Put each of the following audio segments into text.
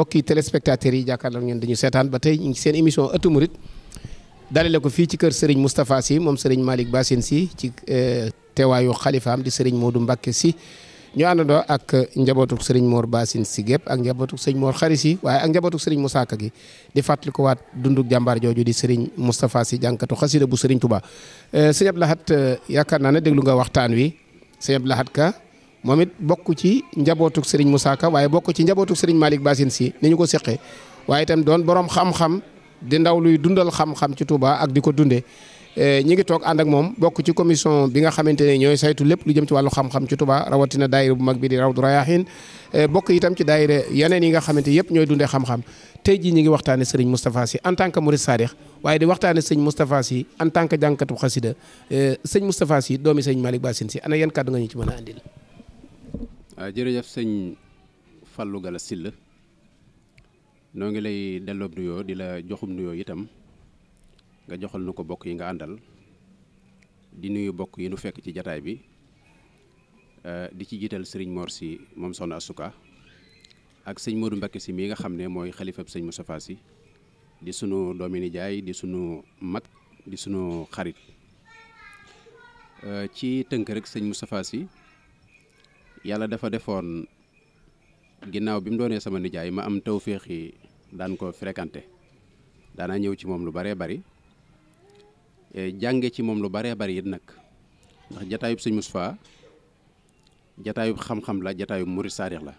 mbokki téléspectateurs yi jàkkaarloo ñun dañu seetaan ba tey ñu ngi seen émission ëttu murit dalale ko fii ci kër Serigne Moustapha Sy moom Serigne Malick Bassine si ci euh, teewaayu xalifaam di Serigne Modou Mbacké si ñu àndandoo ak njabootuk Serigne moor Bassine si gépp ak njabootuk Serigne Mor Khary si waaye ak njabootuk Serigne Moussa Ka gi di fàttali ko waat dunduk jàmbaar jooju di Serigne Moustapha si jànkatu xasida bu Serigne Touba euh, sëñ Abdou Lahad euh, yaakaar naa ne déglu nga waxtaan wi moom it bokk ci njabootuk sëriñ Moussa Ka waaye bokk ci njabootuk sëriñ Malick Bassine si ni ñu ko seqee waaye itam doon borom xam-xam di ndaw luy dundal xam-xam ci Touba ak di ko dundee. ñi ngi toog ànd ak moom bokk ci commission bi nga xamante ne ñooy saytu lépp lu jëm ci wàllu xam-xam ci Touba rawatina daayira bu mag bi di Rawdu Rayaahin e, bokk itam ci daayira yeneen yi nga xamante yëpp ñooy dundee xam-xam tey ji ñi ngi waxtaane sëriñ Moustapha Sy en tant que murid saadix waaye di waxtaane sëñ Moustapha en tant que jànkatu xasida e, sëñ Moustapha Sy doomi sëñ Malick Bassine Sy ana yan kàddu a andil Euh, jërëjëf sëñ Fallou Gala Sylla noo ngi lay delloob nuyoo di la joxum nuyoo itam nga joxal nu ko bokk yi nga àndal di nuyu bokk yi nu fekk ci jataay bi euh, di ci jiital sëriñ Mor si moom soxna Asuka ak sëñ Modou Mbacké si mii nga xam ne mooy xalifab sëñ Moustapha si di sunu doomi jaay di sunu mag di sunu xarit euh, ci tënk rek sëñ Moustapha si yàlla dafa defoon ginnaaw bi mu doonee sama nijaay ma am tawféex daan ko frekante daanaa ñëw ci moom lu baree bari eh, jànge ci moom lu baree bari it nag ndax jataayub sëñ Moustapha jataayub xam-xam la jataayub murid saadix la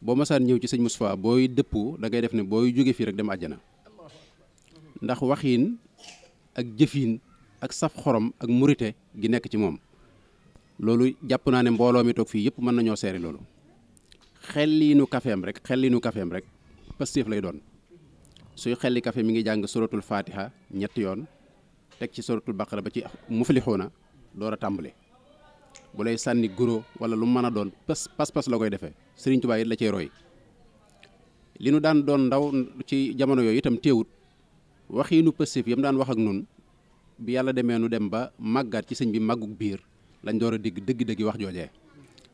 boo masaan ñëw ci sëñ Moustapha booy dëpp dangay def ne booy jóge fii rek dem àjjana ndax waxiin ak jëfiin ak saf xorom ak murite gi nekk ci moom loolu jàpp naa ne mbooloo mi toog fii yëpp mën nañoo seeri loolu xel lii nu kafeem rek xelliinu lii nu kafeem rek pastéef lay doon suy xelli kafe mu ngi jàng suratul fatiha ñetti yoon teg ci suratul baqara ba ci na door a tàmbale bu lay sànni guro wala lu mën a doon pas pas pas la koy defee Sëriñ Tuubaa it la cey roy li nu daan doon ndaw ci jamono yooyu itam téewut waxiinu pastéef yam daan wax ak nun bi yàlla demee nu dem ba màggaat ci sëñ bi màggug biir lañ door a dégg dëgg-dëgg wax joojee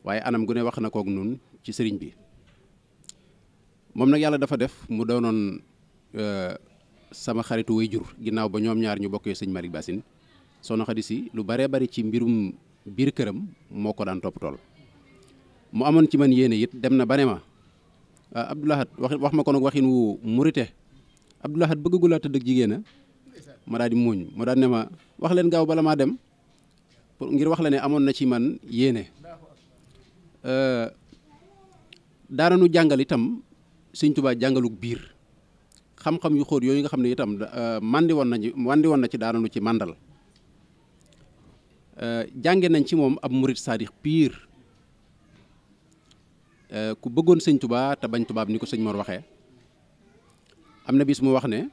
waaye anam gu ne wax na kook nun ci sëriñ bi moom nag yàlla dafa def mu doonoon euh, sama xaritu way jur ginnaaw ba ñoom ñaar ñu bokkee sëñ Malick Bassine soxna Khady si lu baree bari ci mbirum biir këram moo ko daan topp tool mu amoon ci man yéene it dem na ba ne ma ah, Abdoulahat wax wax ma ko nag waxin wu murite Abdoulahat bëggagulaa tëdd ak jigéen a ma daal di muuñ mu daal ne ma wax leen gaaw bala maa dem pour ngir wax la ne amoon na ci man yéene euh, daana nu jàngal itam sëñ tubaa jàngaluk biir xam-xam yu xóot yooyu nga xam ne itam euh, mandi woon nañu mandi na ci daana nu ci màndal euh, jànge nañ ci moom ab murit saadix piir ku bëggoon sëñ tubaa te bañ tubaab ni ko sëñ Mor waxee am na bis mu wax ne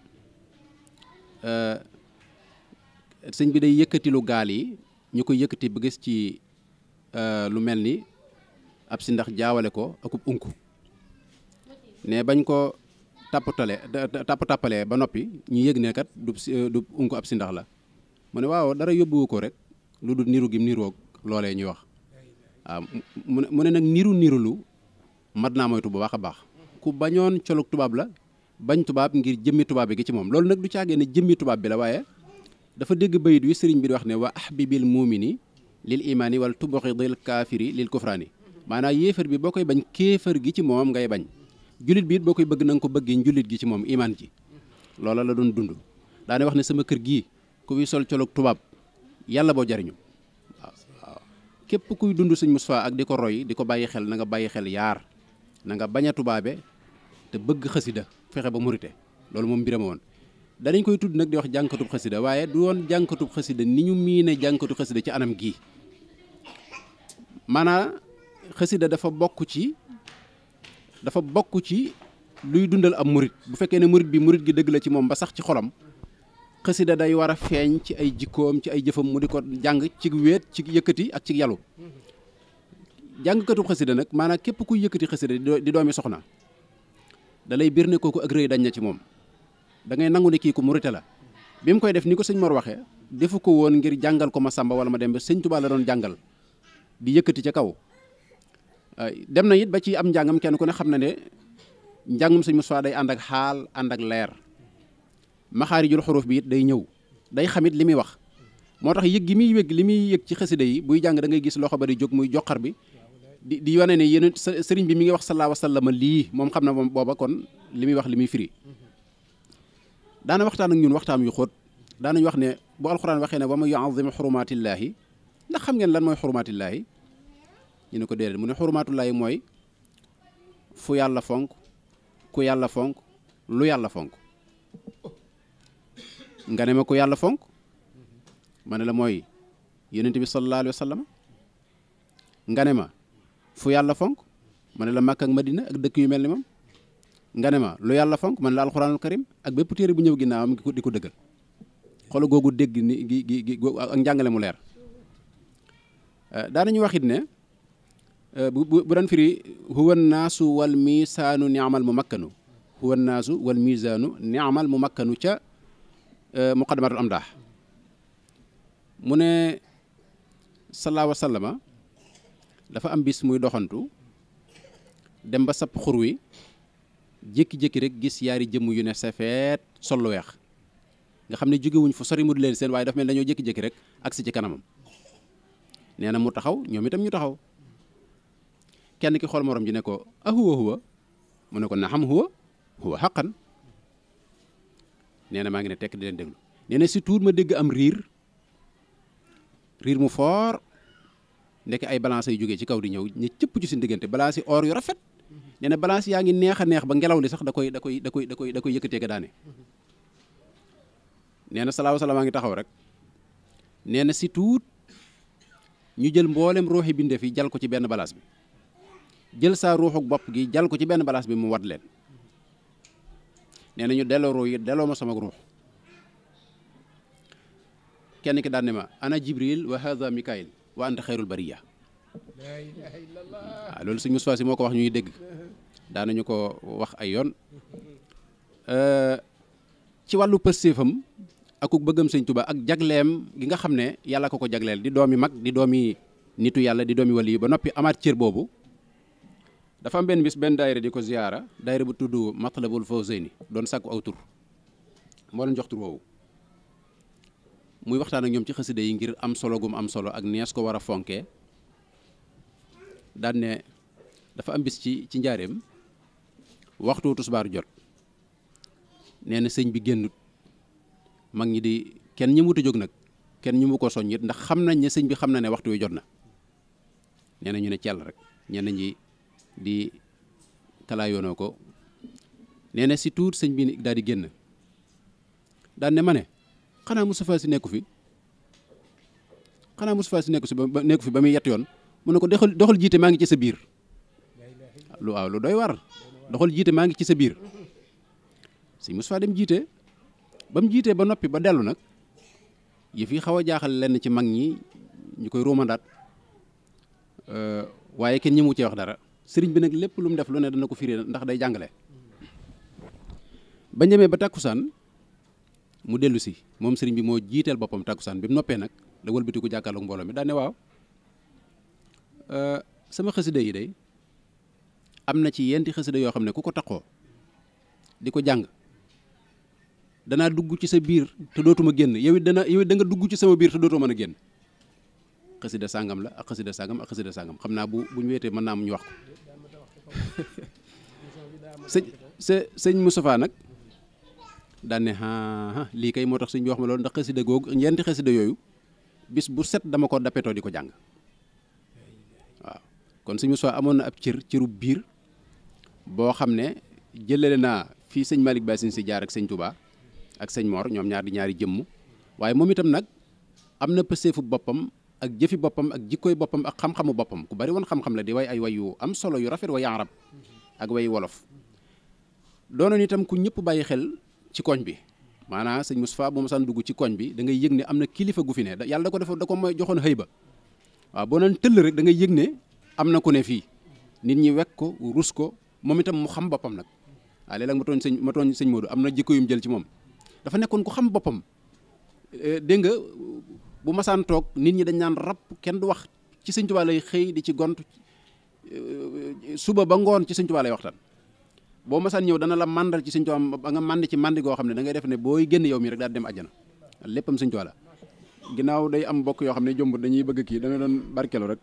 sëñ bi day yëkkatilu gaal yi ñu ko yëkkati ba gis ci euh, lu mel ni ab si ndax jaawale ko akub unk ne bañ ko tappatale tapp tappalee ba noppi ñu yëg ne kat du du unk ab si ndax la mu ne waaw dara yóbbuwu ko rek lu dul niru gi niroog loolee ñuy wax waaw mu ne nag niru niru lu mat naa moytu bu baax a baax ku bañoon colug tubaab la bañ tubaab ngir jëmmi tubaab bi gi ci moom loolu nag du caagee ne jëmmi tubaab bi la waaye dafa dégg bayit wi sëriñ bi di wax ne waa wa ahbibil muumini lil imaani wala tubuxidil kaafiri lil kufraani maanaa yéefar bi boo koy bañ kéefar gi ci moom ngay bañ jullit bi it boo koy bëgg na ko bëggee njullit gi ci moom imaan ji loola la doon dund daane wax ne sama kër gi ku fi sol colog tubaab yàlla boo jariñu waaw waaw képp kuy dund sëñ Moustapha ak di ko roy di ko bàyyi xel na nga bàyyi xel yaar na nga bañ a tubaabe te bëgg xasida fexe ba murite loolu moom mbirama woon danañ koy tudd nag di wax jànkatub xasida waaye du woon jànkatub xasida ni ñu miine jànkatu xasida ci anam gii maanaa xasida dafa bokk ci dafa bokk ci luy dundal am murit bu fekkee ne murit bi murit gi dëgg la ci moom ba sax ci xolam xasida day wara feeñ ci ay jikkoom ci ay jëfam mu di ko jàng ci wéet ci yëkkati ak ci yalu jàngkatu xasida nag maanaam képp kuy yëkkati xasida di doomi soxna da lay bir ne kooku ak rëy dañ na ci moom da ngay nangu ne kii ko murite la bi mu koy def ni ko sëñ Mor waxee defu ko woon ngir jàngal ko ma sàmba wala ma dem ba sëñ Tuubaa doon jàngal di yëkkati ca kaw dem na it ba ci am njàngam kenn ku ne xam na ne njàngum sëñ Moussa day ànd ak xaal ànd ak leer maxaarijul xuruuf bi it day ñëw day xamit li muy wax moo tax yëg gi muy yëg li muy yëg ci xasida yi buy jàng da ngay gis loxo ba di jóg muy joxar bi di di wane ne yeneen sëriñ bi mi ngi wax sallaa wasallama lii moom xam na moom booba kon li muy wax li muy firi daana waxtaan ak ñun waxtaan yu xóot daanañ wax ne bu alxuraan waxee ne wa man yuazim xurumaatillaahi ndax xam ngeen lan mooy xurumaatillaahi ñu ne ko déedéet mu ne xurumaatullaahi mooy fu yàlla fonk ku yàlla fonk lu yàlla fonk nga ne ma ku yàlla fonk ma ne la mooy yonent bi sallallahu nga ne fu yàlla fonk ma ne la Makka ak Madina ak dëkk yu mel ni moom nga ne ma lu yàlla fonk man la alxuraanul karim ak bépp téere bu ñëw ginnaawam di ko di ko dëggal xool googu dégg ni gi gi gi ak njàngale mu leer euh, daanañu wax it ne euh, bu bu doon firi huwa naasu wal misaanu niamal mu makkanu huwa naasu wal misaanu niamal mu makkanu ca euh, muqaddamatul amdaax mu ne salaawa sallama dafa am bis muy doxantu dem ba sab xur jékki-jékki rek gis yaari jëmm yu ne safeet sol lu weex nga xam ne jógewuñ fa sori mu di leen seen waaye dafa mel dañoo jékki-jékki rek ak agsi ci kanamam nee na mu taxaw ñoom itam ñu taxaw kenn ki xool moroom ji ne ko ah huwa huwa mu ne ko naxam huwa huwa xaqan nee na maa ngi ne tekk di leen déglu nee si tuut ma dégg am riir riir mu foor ndekk ay balance yu jógee ci kaw di ñëw ñu cëpp ci seen diggante balance yi or yu rafet nee na yaa ngi neex a neex ba ngelaw li sax da koy da koy da koy da koy da koy yëkkatee ka daane nee na salaahu ngi taxaw rek nee na si tuut ñu jël mboolem ruuxi bindeef yi jal ko ci benn balance bi jël saa ruuxuk bopp gi jal ko ci benn balance bi mu wat leen nee na ñu delloo ruux yi delloo ma sama ruux kenn ki daan ne ma ana jibril wa hadha mikail wa anta xayrul bariya waaw loolu suñu Mustafaa si moo ko wax ñuy dégg daanañu ko wax ay yoon euh, ci wàllu pëstéefam akuk bëggam sëñ Tuba ak jagleem gi nga xam ne yàlla ko ko jagleel di doomi mag di doomi nitu yàlla di doomi wali ba noppi amaat cër boobu dafa am benn bis benn daayira di ko ziyaara daayira bu tudd Matlabul Fawzayni doon sàkku aw moo leen jox tur woowu muy waxtaan ak ñoom ci xasida yi ngir am solo gum am solo ak nees ko war a fonkee daan ne dafa am bis ci ci njaareem waxtu tisbaar jot nee na sëñ bi génnut mag ñi di kenn ñi mut a jóg nag kenn ñi mu ko soññ it ndax xam nañ ne sëñ bi xam na ne waxtu wi jot na nee na ne cell rek ñenn ñi di talaayoonoo ko nee na si tuut sëñ bi daal di génn daan ne ma ne xanaa Moustapha si nekku fi xanaa Moustapha si nekku si ba nekku fi ba muy yett yoon mun ne ko doxal doxal jiite maa ngi ci sa biir lu waaw lu doy war doxal jiite maa ngi ci sa biir sëñ Moustapha dem jiite ba mu jiitee ba noppi ba dellu nag yëf yi xaw a jaaxal lenn ci mag ñi ñu koy ruumandaat euh, waaye kenn ñi mu cee wax dara sëriñ bi nag lépp lu mu def lu ne dana ko firi ndax day jàngale ba ñemee ba tàkkusaan mu dellu si moom sëriñ bi moo jiiteel boppam tàkkusaan bi mu noppee nag la wëlbatiku jàkkaarloog mbooloo mi daane waaw euh, sama xasida yi day am na ci yenti xasida yoo xam ne ku ko taqoo di ko jàng danaa dugg ci sa biir te dootuma génn yow dana da nga dugg ci sama biir dootoo mën a génn xasida sàngam la ak xasida sàngam ak xasida sàngam xam naa bu bu ñu weetee mën naa am ñu wax sëñ sëñ nag daan ne ah moo tax sëñ bi wax ma loolu ndax xasida googu ñeenti yooyu bis bu set dama ko dappetoo di ko jàng waaw kon sëñ Moustapha amoon na ab cër cëru biir boo xam ne jëlale naa fii sëñ Malick Bassine si jaar ak sëñ Touba ak sëñ Mor ñoom ñaar di ñaari jëmm waaye moom itam nag am na pëseefu boppam ak jëfi boppam ak jikkooy boppam ak xam-xamu boppam ku bari woon xam-xam la di way ay way yu am solo yu rafet way arab ak way wolof doonoon itam ku ñëpp bàyyi xel ci koñ bi maanaam sëñ Moustapha bu ma saan dugg ci koñ bi da ngay yëg am na kilifa gu fi ne yàlla da ko defa da ko mooy joxoon xëy ba waaw boo naan tëll rek dangay ngay yëg ne am na ko ne fii nit ñi wekk ko rus ko moom itam mu xam boppam nag waaw léeg-léeg ma tooñ sëñ ma am na jikko yum jël ci moom dafa nekkoon ku xam boppam eh, dégg nga bu masaan toog nit ñi dañ naan rab kenn du wax ci sëñ Tuubaa lay xëy di ci gont eh, suba ba ngoon ci sëñ Tuubaa lay waxtaan boo masaan ñëw dana la màndal ci sëñ Tuubaa ba nga mànd ci màndi goo xam ne dangay def ne booy génn yow mi rek daal dem àjjana léppam sëñ Tuubaa la ginnaaw day am mbokk yoo xam ne jomb dañuy bëgg kii dana doon barkeelu rek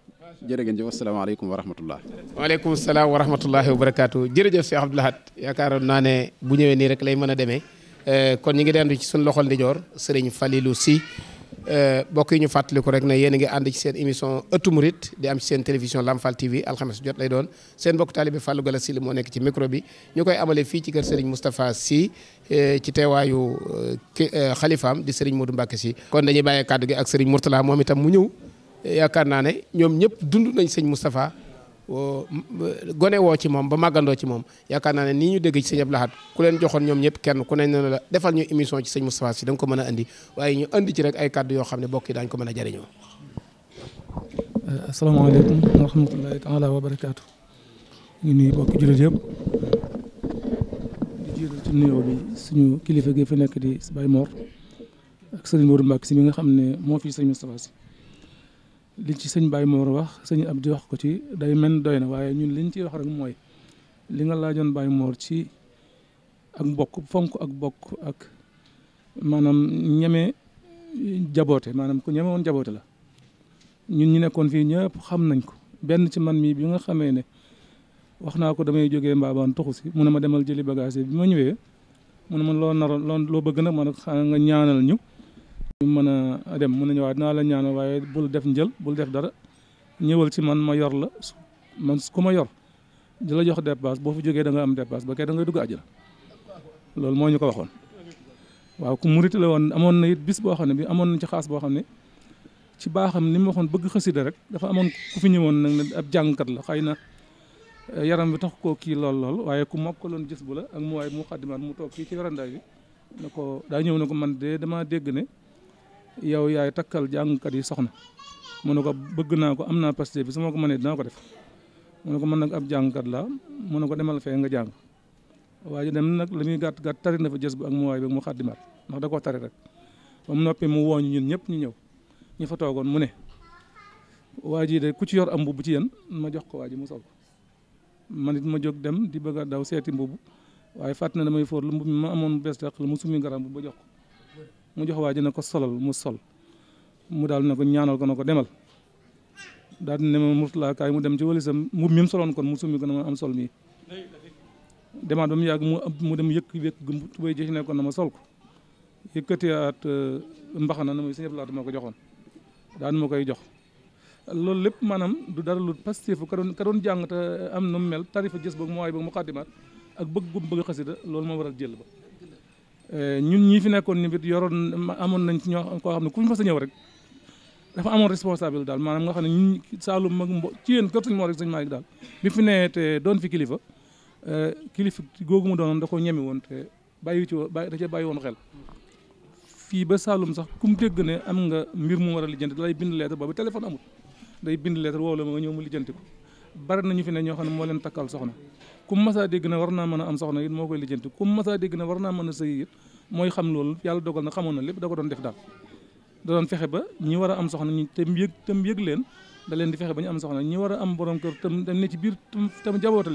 jërë ngeen jëf asalaamaaleykum wa rahmatullah waaleykum salaam wa rahmatullahi wa barakaatu jërëjëf Cheikh Abdou Lahad yaakaaroon naa ne bu ñëwee nii rek lay mën a demee eh, kon ñu ngi dendu ci suñu loxol ndijoor sëriñ Falilou si Euh, mbokk yi ñu fàttaliku rek na yéen a ngi ànd ci seen émission ëttu murit di am ci seen télévision Lamfal TV alxames jot lay doon seen mbokk taalibe Fallou Gala Syll moo nekk ci micro bi ñu koy amalee fii ci kër Serigne Moustapha Sy euh, ci teewaayu euh, xalifaam di Serigne Modou Mbacké si kon dañuy bàyyee kàddu gi ak Serigne Mourtala moom itam mu ñëw yaakaar naa ne ñoom ñëpp dund nañ sëñ Moustapha gone woo ci moom ba màggandoo ci moom yaakaar naa ne nii ñu dégg ci sëñ Abdou ku leen joxoon ñoom ñëpp kenn ku ne ne la defal ñu émission ci sëñ Moustapha Sy da nga ko mën a andi waaye ñu andi ci rek ay kàddu yoo xam ne bokki yi daañu ko mën a jëriñoo. Euh, asalaamaaleykum wa rahmatulahi taala wa barakaatu. ñu yëpp suñu kilifa gi fi nekk di Baye Mor ak sëriñ Modou Mbacke si mi nga xam ne moo fii sëñ Moustapha Sy li ci sëñ Baye Mor wax sëñ di wax ko ci day men doy na waaye ñun liñ ciy wax rek mooy li nga laajoon Baye Mor ci ak bokk fonk ak bokk ak maanaam ñeme jaboote maanaam ku ñeme woon jaboote la ñun ñu nekkoon fii ñëpp xam nañ ko benn ci man mii bi nga xamee ne wax naa ko damay jógee mbaabaan tuxu si mun ne ma demal jëli bagage bi ma ñëwee mu ne man loo naroon loo bëgg na ma ne xanaa nga ñaanal ñu mën a dem mu ne ñu waaye dinaa la ñaanal waaye bul def njël bul def dara ñëwal ci man ma yor la man ku ma yor di la jox dépasse boo fa jógee da nga am dépasse ba da ngay dugg àjjana loolu moo ñu ko waxoon waaw ku murit la woon amoon na it bis boo xam ne bi amoon na ci xaas boo xam ne ci baaxam ni mu waxoon bëgg xasida rek dafa amoon ku fi ñëwoon nag ne ab jàngkat la xëy na eh, yaram bi tax koo kii lool lool waaye ku mokkaloon jës bu la ak mu waaye mu xaddimaat mu toog kii ci werandaay bi ne ko daa ñëw ne ko man de damaa dégg ne yow yaay takkal jàngkat yi soxna mu ne ko bëgg naa ko am naa pasté bi su ma ko mënee dinaa ko def mu ne ko mën nag ab jàngkat la mun ne ko demal fee nga jàng waaye ji dem nag li muy gàtt gàtt tari na fa jës bi ak mu bi mu xaddimaat ndax da koo tari rek ba mu mu wooñu ñun ñëpp ñu ñëw ñu fa toogoon mu ne waa ji de ku ci yor am mbubb ci yéen ma jox ko waa mu sol it ma jóg dem di bëgg a daw seeti mbubb waaye fàtt na damay fóor lu mbubb mi ma amoon bees tàq la mu summi garam bu ba jox ko mu jox waa ji ne ko solal mu sol mu daal ne ko ñaanal ko ne ko demal daal ne ma Mourtala kaay mu dem ci wëli sa mbubb mi soloon kon mu summi ko na ma sol mi demaat ba mu yàgg mu mu dem yëkk yëkk tubéy ji nekkoon na ma sol ko yëkkatiwaat euh, mbaxana na muy sëñ Abdoulaye ma ko joxoon daan ma koy jox loolu lépp maanaam du dara lu pastéefu ka doon ka doon jàng te am na mu mel tarifa gis ba mu waay boog mu xaddimaat ak bëgg gum bëgg xasida loolu moo waral jël ba Euh, ñun ñii fi nekkoon ni bit yoroon amoon nañ ci ñoo koo xam ne ku ñu mës ñëw rek dafa amoon responsable daal maanaam nga xam ne ñun Saalum mag mbo ci yéen kër suñu moo rek suñu Malick fi nee te doon fi kilifa euh, kilifa googu mu doonoon da ko ñeme woon te bàyyi ci woon da cee bàyyi woon xel fii ba Saalum sax ku mu dégg ne am nga mbir mu war a lijjanti da lay bind lettre boobu téléphone amul day bind lettre woo la ma nga ñëw mu lijjanti ko bari nañu fi ne ñoo xam ne moo leen takkal soxna ku masaa dégg na war naa mën a am soxna it moo koy lijjanti ku masaa dégg na war naa mën a sëy it mooy xam loolu yàlla dogal na xamoon na lépp da ko doon def daal da doon ba ñi war a am soxna ñi tam yëg tam yëg leen da leen di fexe ba ñu am soxna ñi war a am borom kër tam dañ ne ci biir tam jaboote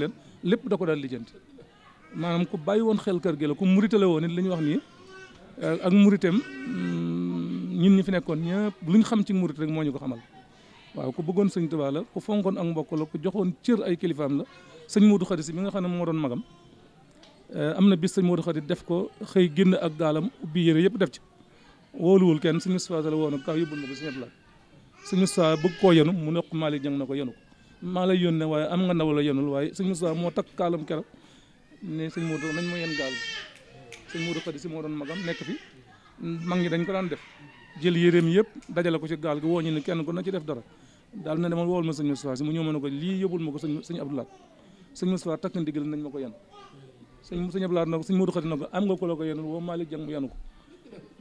lépp da ko daal lijjanti maanaam ku bàyyi woon xel kër gi la ku muritale woon it li ñu wax nii ak muritem mm, ñun ñi fi nekkoon ñëpp luñ xam ci murit rek moo ñu ko xamal waaw ku bëggoon sëñ Tuubaa la ku fonkoon ak mbokk la ku joxoon cër ay kilifaam la sëñ Modou Khady si mi nga xam ne moo doon magam eh, am na bis sëñ Modou Khady def ko xëy génn ak gaalam ubbi yére yëpp def ci wóoluwul kenn sëñ Moustapha la woon kaw yóbbul ma ko sëñ Abdoulaye sëñ Moustapha bëgg koo yenu mu ne ko Malick na ko yenu ko maa lay yónnee waaye am nga ndaw la yenul waaye sëñ Moustapha moo takk kaalam keroog ne sëñ Modou nañ ma yen gaal bi sëñ Modou moo doon magam nekk fi mag ñi dañ ko daan def jël yéreem yëpp dajale ko ci gaal gi woo ñu ne kenn ku na ci def dara daal na ne man woowal ma sëñ Moustapha si mu ñëw ma ne ko lii yóbbul ma ko sëñ sëñ Abdoulaye sëñ Moustapha takk ndigal nañ ma ko yan sëñ sëñ Abdoulaye na ko sëñ Modou Khady na ko am nga ko la ko yenul woo Malick Dieng mu yanu ko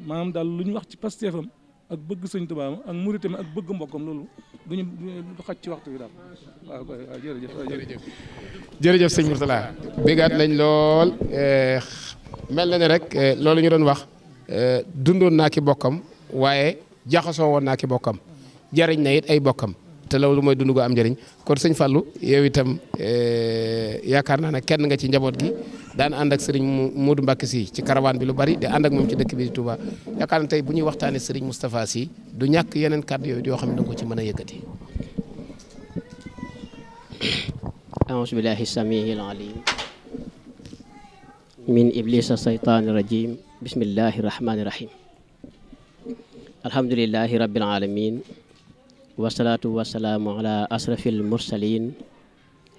maanaam daal lu ñu wax ci fam ak bëgg sëñ tubaab ak muritam ak bëgg mbokkam loolu du ñu du xaj ci waxtu bi daal waaw jërëjëf jërëjëf jërëjëf sëñ Mourtala bégaat lañ lool eh, mel na ne rek eh, loolu ñu doon wax eh, dundoon naa ki bokkam waaye jaxasoo woon naa ki bokkam jariñ na it ay bokkam te loolu mooy dund gu am njariñ kon sëñ Fallou yow itam eh, yaakaar naa ne kenn nga ci njaboot gi daan ànd ak sëriñ Modou Mbacke si ci caravane bi lu bari de ànd ak moom ci dëkk bi di yaakaar na tey bu ñuy waxtaanee sëriñ Moustapha si du ñàkk yeneen kàddu yooyu yoo xam ne danga ci mën a yëkkati. أعوذ بالله السميع العليم من إبليس الشيطان الرجيم بسم الله الرحمن الرحيم الحمد لله رب العالمين wasalaatu wasalaamu ala asrafil mursalin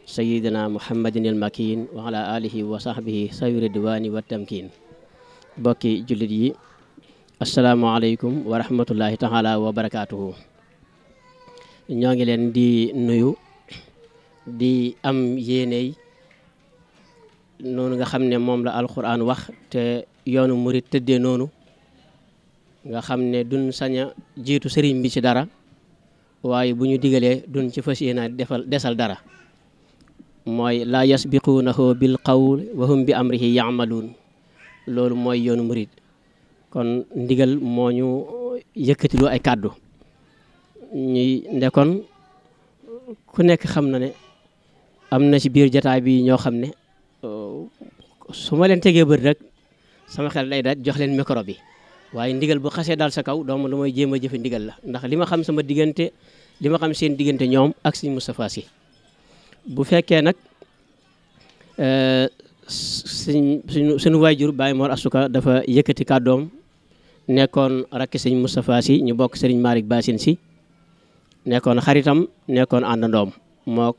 sayidina muhammadin al wa ala alihi wa sahbihi sawi ridwani wa tamkin bokki jullit yi asalaamualeykum wa rahmatullahi taala wa barakaatuhu ñoo ngi leen di nuyu di am yéeney noonu nga xam ne moom la alquran wax te yoonu murit tëddee noonu nga xam ne duñ sañ jiitu sëriñ bi ci dara waaye bu ñu digalee duñ ci fas yéenaa defal desal dara mooy laa yasbiquunahu bil qawl wa hum bi amrihi yaamaluun loolu mooy yoonu murit kon ndigal moo ñu yëkkatiloo ay kàddu ñuy ndekon ku nekk xam na ne am na ci biir jataay bi ñoo xam ne su ma leen tegee bët rek sama xel day daal jox leen micro bi waaye ndigal bu xasee daal sa kaw dooma lu mooy jéem a jëfe ndigal la ndax li ma xam sama diggante li ma xam seen diggante ñoom ak sëñ Moustapha si bu fekkee nag suñ suñu suñu waajur Baye Mor Asuka dafa yëkkati kàddoom nekkoon rakki sëñ Moustapha si ñu bokk sëriñ Malick Bassine si nekkoon xaritam nekkoon àndandoom moo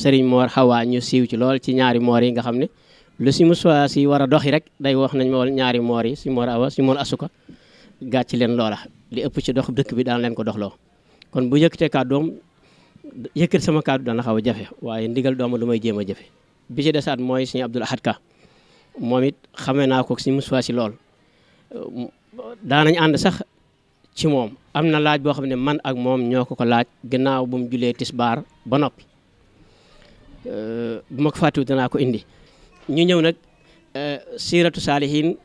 sëriñ Mor Hawa ñu siiw ci lool ci ñaari moor yi nga xam ne lu si Moussa si war a doxi rek day wax nañ moo wal ñaari moor yi si moor awa si moor asuka ci leen loola li ëpp ci dox dëkk bi daan leen ko dox loo kon bu yëkkatee kàddoom yëkkat sama kàddu dana xaw a jafe waaye ndigal dooma lu may jéem a jafe bi ci desaat mooy suñu Abdul Ahad Ka moom it xame naa ko si Moussa si lool daanañ ànd sax ci moom am na laaj boo xam ne man ak moom ñoo ko ko laaj gannaaw bu mu julee tisbaar ba noppi bu ma ko fàttiwu danaa ko indi ñu ñëw nag euh, siiratu saalihin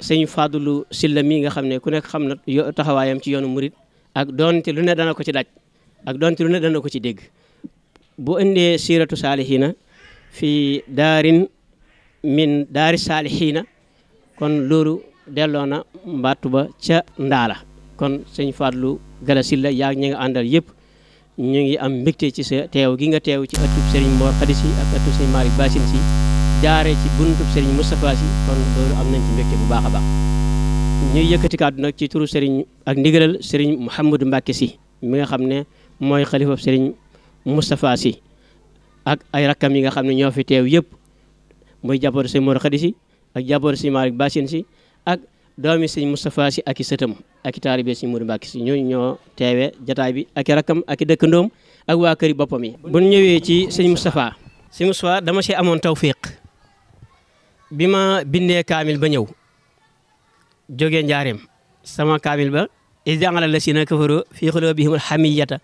sëñ Fadulu Silla mi nga xam ne ku nekk xam na taxawaayam ci yoonu murit ak doonte lu ne dana ko ci daj ak doonte lu ne dana ko ci dégg boo indee siiratu saalihina fii daarin min daari saalihina kon loolu delloo na mbattu ba ca ndaala kon sëñ Fadlu Gala Silla yaa ñu nga àndal yëpp ñu ngi am mbégte ci sa teew gi nga teew ci ëttub Serigne Mor Khady si ak ëttub Serigne Malick Bassine si jaaree ci buntu Serigne Moustapha si kon loolu am nañ ci mbégte bu baax a baax ñuy yëkkati kàddu nag ci turu Serigne ak ndigalal Serigne Mouhamadou Mbacke si mi nga xam ne mooy xalifa Serigne Moustapha si ak ay rakkam yi nga xam ne ñoo fi teew yëpp muy jàppoor Serigne Mor Khady si ak jàppoor Serigne Malick ak doomi Serigne Moustapha si ak i sëtam ak i taalibe Serigne Modou Mbacke si ñooñu ñoo teewee jataay bi ak i rakkam ak i dëkkandoom ak waa këri boppam bu ñëwee ci Serigne Moustapha Serigne Moustapha bi ma bindee kaamil ba ñëw jógee njaareem sama kaamil ba is jàngala la si na kafaru fii xulubihim alhamiyata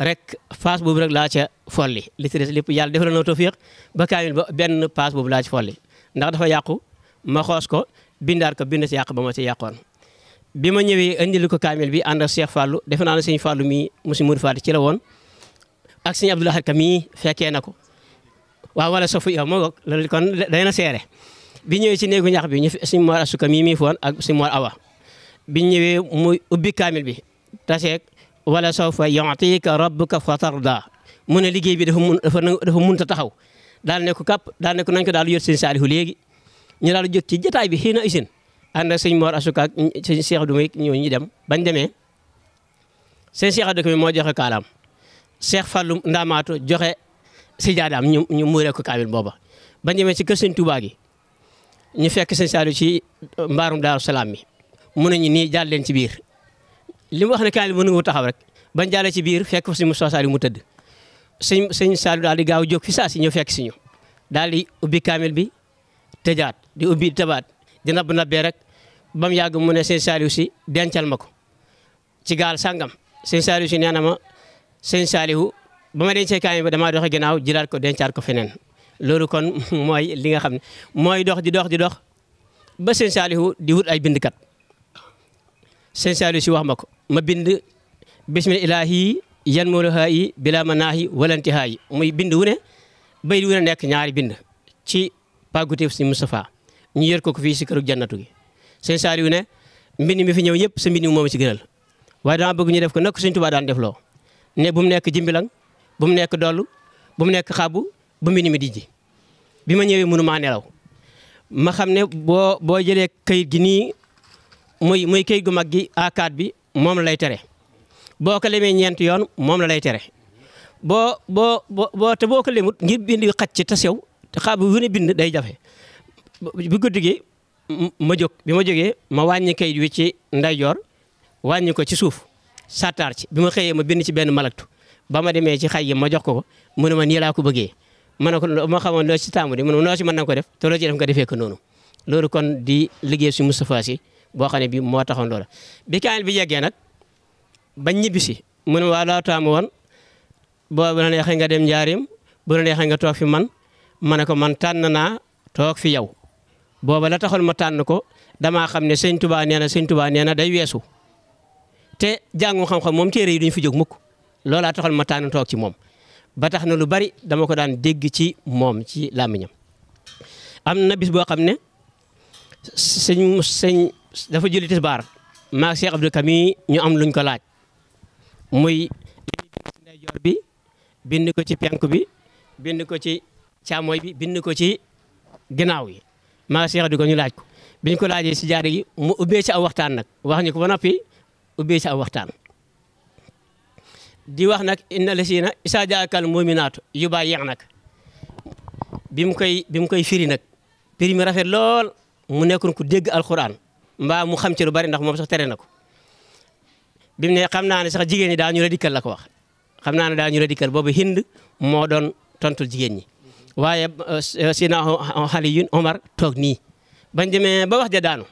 rek paas boobu rek laa ca folli li ci des lépp yàlla defal na tawfiq ba kaamil ba benn paas boobu laa ci folli ndax dafa yàqu ma xoos ko bindaat ko bind si ba ma si yàqoon bi ma ñëwee indil ko kaamil bi ànd ak Cheikh Fallou defe naa ne sëñ Fallou mii mosi ci la woon ak sëñ Abdoulaye ka mii fekkee na ko waaw wala sofu yow ma kon day na bi ñëwee si néegu ñax bi ñu suñ moor asuka mii mii foon ak suñ moor awa biñ ñëwee mu ubbi kaamil bi walla taseeg wala sawfa yu'tika rabbuka fatarda mu ne liggéey bi dafa mun dafa munta taxaw daal ne ko kàpp daal ne ko nañ ko daal yot sëñ saalihu léegi ñu daal jot ci jataay bi xii na usine ànd sëñ moor asuka ak sëñ seex du may ñoo ñu dem bañ demee sëñ seex du moo joxe kaalaam seex fàllu ndaamaato joxe si jaadaam ñu ñu muuree ko kaamil booba bañ demee ci kër sëñ Tuubaa ñu fekk sëñ Saliou ci uh, mbaarum Daaru Salaam mi mun nañu nii jàll leen ci biir li mu wax ne kaay bi mënu taxaw rek bañ jàllee ci biir fekk fa sëñ Moustapha Saliou mu tëdd sëñ sëñ Saliou daal di gaaw jóg fi si ñëw fekk si ñu daal di ubbi kaamil bi tëjaat di ubbi tabaat di nabb nabbee rek ba mu yàgg mu ne sëñ Saliou si dencal ma ko ci gaal sàngam sëñ Saliou si nee na ma sëñ Saliou ba ma dencee kaamil bi damaa doxe ginnaaw jëlaat ko dencaat ko feneen loolu kon mooy li nga xam ne mooy dox di dox di dox ba sëñ di wut ay bindkat sëñ Saalihu si wax ma ko ma bind bismil ilaahi yan moolohaa yi bilaa ma naax yi walantihaa yi muy bind wu ne bay wu ne nekk ñaari bind ci pàgguteef si Moustapha ñu yër ko ko fii si këru jannatu gi sëñ Saalihu ne mbind mi fi ñëw yëpp sa mbind mi moom ci gënal waaye dama bëgg ñu def ko nak Sëñ Tuubaa daan def loo ne bu mu nekk jimbilang bu mu nekk dollu bu mu nekk ba mbind mi dijji bi ma ñëwee mënu maa nelaw ma xam ne boo boo jëlee kayit gi nii muy moy kayit gu mag gi A4 bi moom la lay tere boo ko lemee ñeent yoon moom la lay tere boo boo boo te boo ko lemut ngir bind xaj ci tas yow te xaa wune bind day jafe bi guddi gi ma jóg bi ma jógee ma wàññi kayit wi ci ndeyjoor wàññi ko ci suuf sàttaar ci bi ma xëyee ma bind ci benn malaktu ba ma demee ci xaj gi ma jox ko ko mu ne ma nii laa ko bëggee ma ne ko ma xamoon loo ci taamu di mu mën na ko def te loo ci def nga defee noonu loolu kon di liggéey si Moustapha si boo xam ne bi moo taxoon loola bi kaamil bi yeggee nag ba ñibbisi mu ne waa loo taamu woon boo bu nga dem njaarim bu la neexee nga toog fi man ma ne ko man tànn naa toog fi yow booba la taxoon ma tànn ko damaa xam ne sëñ Tuubaa nee na sëñ Tuubaa nee na day weesu te jàngu xam-xam moom téere yi duñu fi jóg mukk loolaa taxoon ma tànn toog ci moom batax na lu bari dama ko daan dégg ci moom ci làmmiñam am na bis boo xam ne sëñ sëñ dafa julli maa maag Cheikh Abdou Kami ñu am luñ ko laaj muy ndeyjoor bi bind ko ci penk bi bind ko ci càmmooy bi bind ko ci ginnaaw yi maa Cheikh Abdou ko ñu laaj ko biñ ko laajee si jaar yi mu ubbee ci aw waxtaan nag wax ñu ko ba noppi ubbee ci aw waxtaan di wax nag ina lasina isa jaakal muminaatu yu bàyyi yeex nag bi mu koy bi mu koy firi nag prix mi rafet lool mu nekkoon ku dégg alxuraan mbaa mu xam ci lu bari ndax moom sax tere na ko bi ne xam naa ne sax jigéen yi daa ñu la dikkal la ko wax xam naa ne daa ñu la dikkal boobu hind moo doon tontul jigéen ñi waaye euh, sina Aliyun Omar toog nii bañ demee ba wax ja daanu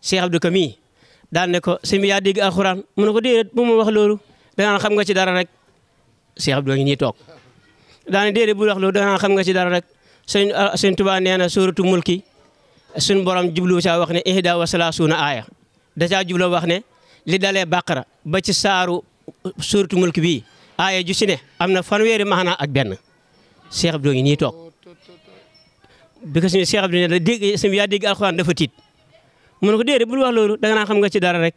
Cheikh Abdou Kami daal ne ko sëñ bi yaa dégg alxuraan mu ne ko déedéet bu mu wax loolu danaan xam nga ci dara rek Cheikh Abdou ngi ñuy toog daane déedéet bu wax loolu danaan xam nga ci dara rek sëñ ah, sëñ Tuubaa nee na suuratu mulki suñ borom jublu saa wax ne ihda wa salaasuuna aaya dèjà jublu wax ne li dalee bàqara ba ci saaru suuratu mulki bii aaya ju si ne am na fanweeri maanaa ak benn Cheikh Abdou ngi ñuy toog bi ko suñu Cheikh Abdou ne la dégg yaa dégg alxuraan dafa tiit mu ne ko bul wax loolu danga naa xam nga ci dara rek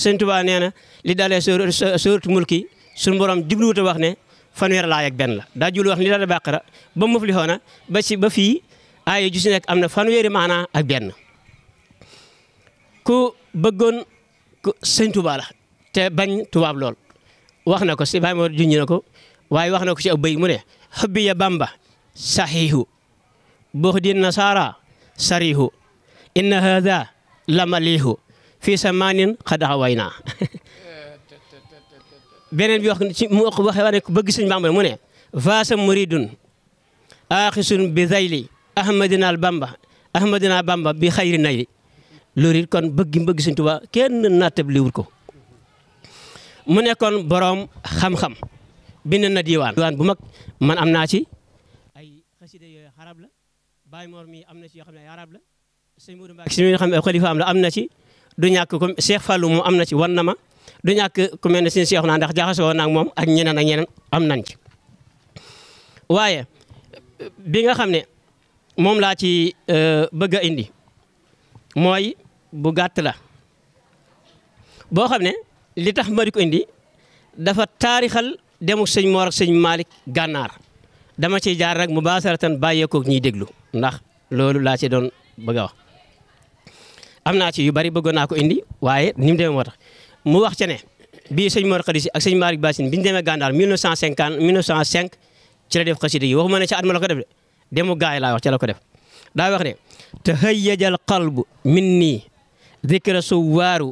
sëñ Tuubaa nee na li dalee sóoratu mulki suñu borom jubluwut a wax ne fan laay ak benn la daa jublu wax ni daal bàqara ba muflixoona ba si ba fii aaya ju si nekk am na fan fanweeri maanaa ak benn ku bëggoon ku sëñ Tuubaa te bañ tubaab lool wax na ko si bàyyi ma junj ko waaye wax na ko si ab béy mu ne xubbi ya bamba saxiihu buxdi nasaara sariihu inna haada lamaliihu fii samaanin xad axawaynaa beneen bi wax ci mu waxee waa ne ku bëgg sëñ Bamba mu ne faasa muridun aaxisun bi zayli ahmadina bamba ahmadina bamba bi xayri nayli loolu kon bëgg bëgg sëñ Tuubaa kenn nattab liwul ko mu nekkoon boroom xam-xam bind na diiwaan diwaan bu mag man am naa ci ay xasida yooyu arab na ci yoo xam ne ay arab la sëñ Moodu du ñàkk comme Cheikh Fallou am na ci wan na ma du ñàkk ku mel naa ndax jaxasoo naag moom ak ñeneen ak ñeneen am nañ ci. waaye bi nga xam ne moom laa ci euh, bëgg a indi mooy bu gàtt la boo xam ne li tax ma di ko indi dafa taarixal demu sëñ Mor ak sëñ Malick gànnaar dama ciy jaar rek mu baasaratan bàyyeekook ñiy déglu ndax loolu laa ci doon bëgg a am naa ci yu bari bëggoon naa ko indi waaye ni mu demee moo wax ci ne bii sëñ Mor Khady Sy ak sëñ Malick Bassine bi ñu demee Gàndaar 1950 1905 ci la def xasida yi waxuma ne ci at ma la ko def de demu gaay laa wax ci la ko def daa wax ne te hayyajal qalbu minni dikra suwaaru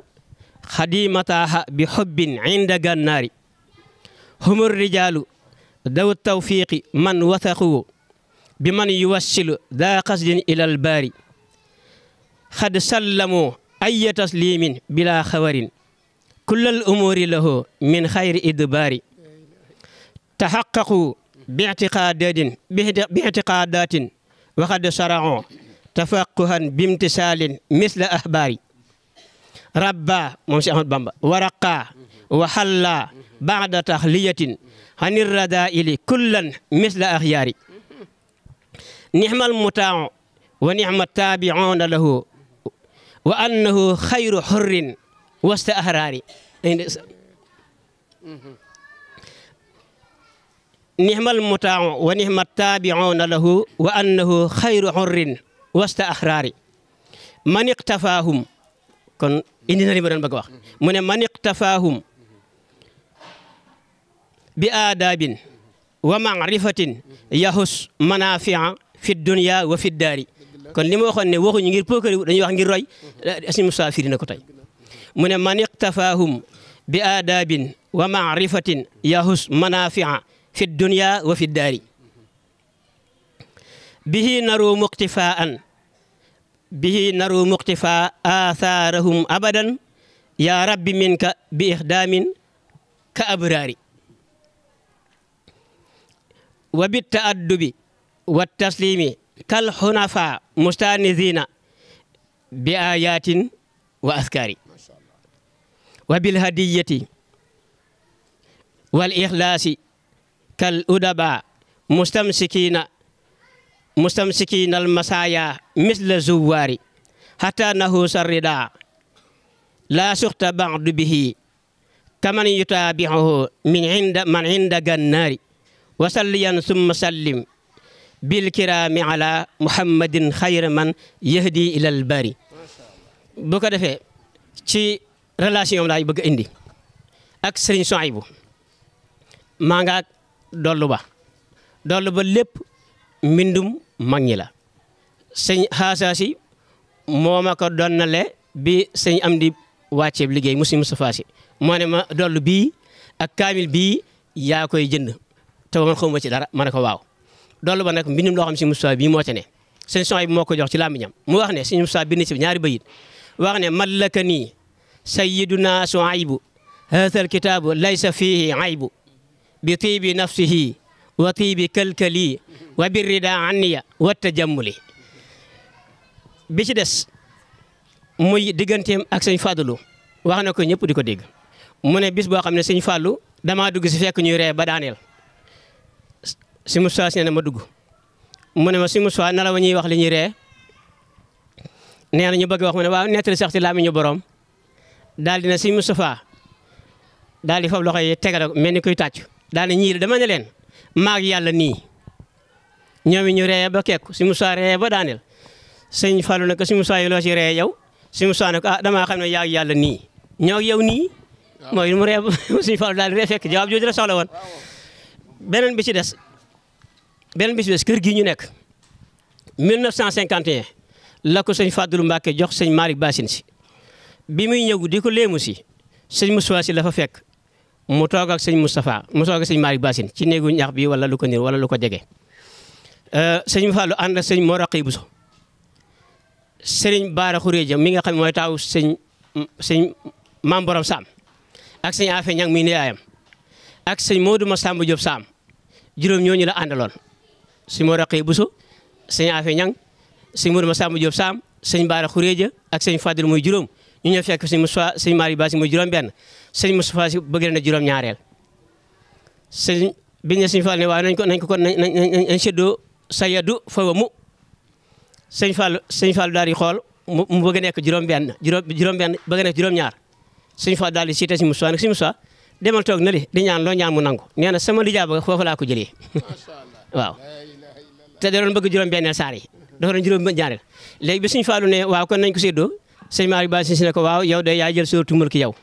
xadimataha bi hubbin inda gannaari humur rijaalu daw tawfiqi man wathaquhu bi man yuwassilu daa qasdin ilal baari xad sallamu ay taslimin bila xawarin kullal umuuri lahu min xayri idbaari taxaqaqu bi ictiqaadatin bi ictiqaadatin waxad sharau tafaquhan bimtisaalin misla ahbaari rabba moom si ahmad bamba waraqa wa xalla baada taxliyatin xani radaili kullan misla axyaari nixmal mutaau wa nixma taabiuuna lahu wa annahu xayru xurrin wasta ahraari nihmal mutaamu wa nihmat taabiuuna lahu wa annahu xayru xurrin wasta ahraari man iqtafaahum kon indi na li ma doon bëgg wax mu ne man iqtafaahum bi aadaabin wa macrifatin yahus manaafica fi dunya wa fi daari kon li ma waxoon ne waxuñu ngir pookari wax ngir roy suñu Moustapha ko tey mu ne man iqtafaahum bi aadaabin wa maarifatin yahus manafia fi dunya wa fi daari bihi naru muqtifaan bihi naru muqtifa aathaarahum abadan yaa rabbi minka bi ixdaamin ka abraari wa bit taaddubi wa tasliimi kal xunafa mustanizina bi ayatin wa askari wa bil hadiyati wal ikhlasi kal udaba mustamsikina mustamsikina al masaya misla zuwari hatta nahu sarrida la suxta ba'du bihi kaman yutabi'uhu min inda man inda gannaari wa salliyan summa sallim bil kiraami ala muhammadin xayra man yahdi ilal bari bu ko defee ci relation laay bëgg indi ak sëriñ Sohaybu maa ngaa dollu ba dollu ba lépp mbindum mag ñi la sëñ xaasaasi moo ma ko donnale bi sëñ am di wàcceeb liggéey musi Mustafaa si moo ne ma dollu bii ak kaamil bi yaa koy jënd te man xawma ci dara ma ne ko waaw doolu ba nag mbindum loo xam si Moustapha bii moo ca ne sëñ son bi moo ko jox ci làmmiñam mu wax ne sëñ Moustapha bind si ñaari bayit wax ne mallaka nii sayyiduna Suaybu haazal kitaabu laysa fiihi aybu bi tiibi nafsihi wa tiibi kalkali wa birrida anniya wa tajammuli bi ci des muy digganteem ak sëñ Fadlu wax na ko ñëpp di ko dégg mu ne bis boo xam ne sëñ Fadlu damaa dugg si fekk ñuy ree ba daaneel si Moussa si na ma dugg mu ne ma si Moussa nala ma ñuy wax li ñuy ree nee na ñu bëgg wax mu ne waaw nettali sax ci làmmiñu borom daal na si Moustapha daal di fab loxo yi tegal mel ni kuy tàcc daal di ñii dama ne leen maag yàlla nii ñoom ñu ree ba kekku si Moussa ree ba daaneel sëñ Fallou nag si Moussa yi loo si ree yow si na nag ah damaa xam ne yaa ngi yàlla nii ñoo yow nii. mooy mu ree sëñ Fallou daal di ree fekk jawaab jooju la soxla woon benn bis kër gii ñu nekk 1951 la ko sëñ Fadlu Mbàkke jox sëñ Malick Bassine si bi muy ñëw di ko léemu si sëñ Moustapha si la fa fekk mu toog ak sëñ Moustapha mu toog ak sëñ Malick Bassine ci néegu ñax bi wala lu ko niir wala lu ko jege. Euh, sëñ Fallou ànd ak sëñ Mor Aqiy Bousso sëriñ Baara Xuréja mi nga xam mooy taaw sëñ sëñ Maam Borom Saam ak sëñ Afe Ñang mi niyaayam ak sëñ Modou Massamba Diop Saam juróom ñooñu la àndaloon. sëñ Mor Aqee Bousso sëñ Afe Ñang sëñ Mor Masamba Diop Sam sëñ Baara Xuréja ak sëñ Fadil muy juróom ñu ñëw fekk sëñ Moussa sëñ Mari Basi muy juróom benn sëñ Moustapha si bëgg na juróom ñaareel sëñ biñ ne sëñ Fall ne nañ ko nañ ko kon nañ séddoo sa yaddu fa mu sëñ Fall sëñ Fall daal di xool mu bëgg nekk juróom benn juróom benn bëgg nekk juróom ñaar sëñ Fall daal di siite sëñ Moussa nag sëñ Moussa demal toog na li di ñaan loo ñaan mu nangu nee sama lijaa ba foofu laa ko waaw te da doon bëgg juróom-benneel saar yi dafa doon juróom-ñaareel léegi bi suñu faalu ne waaw kon nañ ko séddoo sëñ Maari Ba si ne ko waaw yow de yaay jël sóoratu mulki yow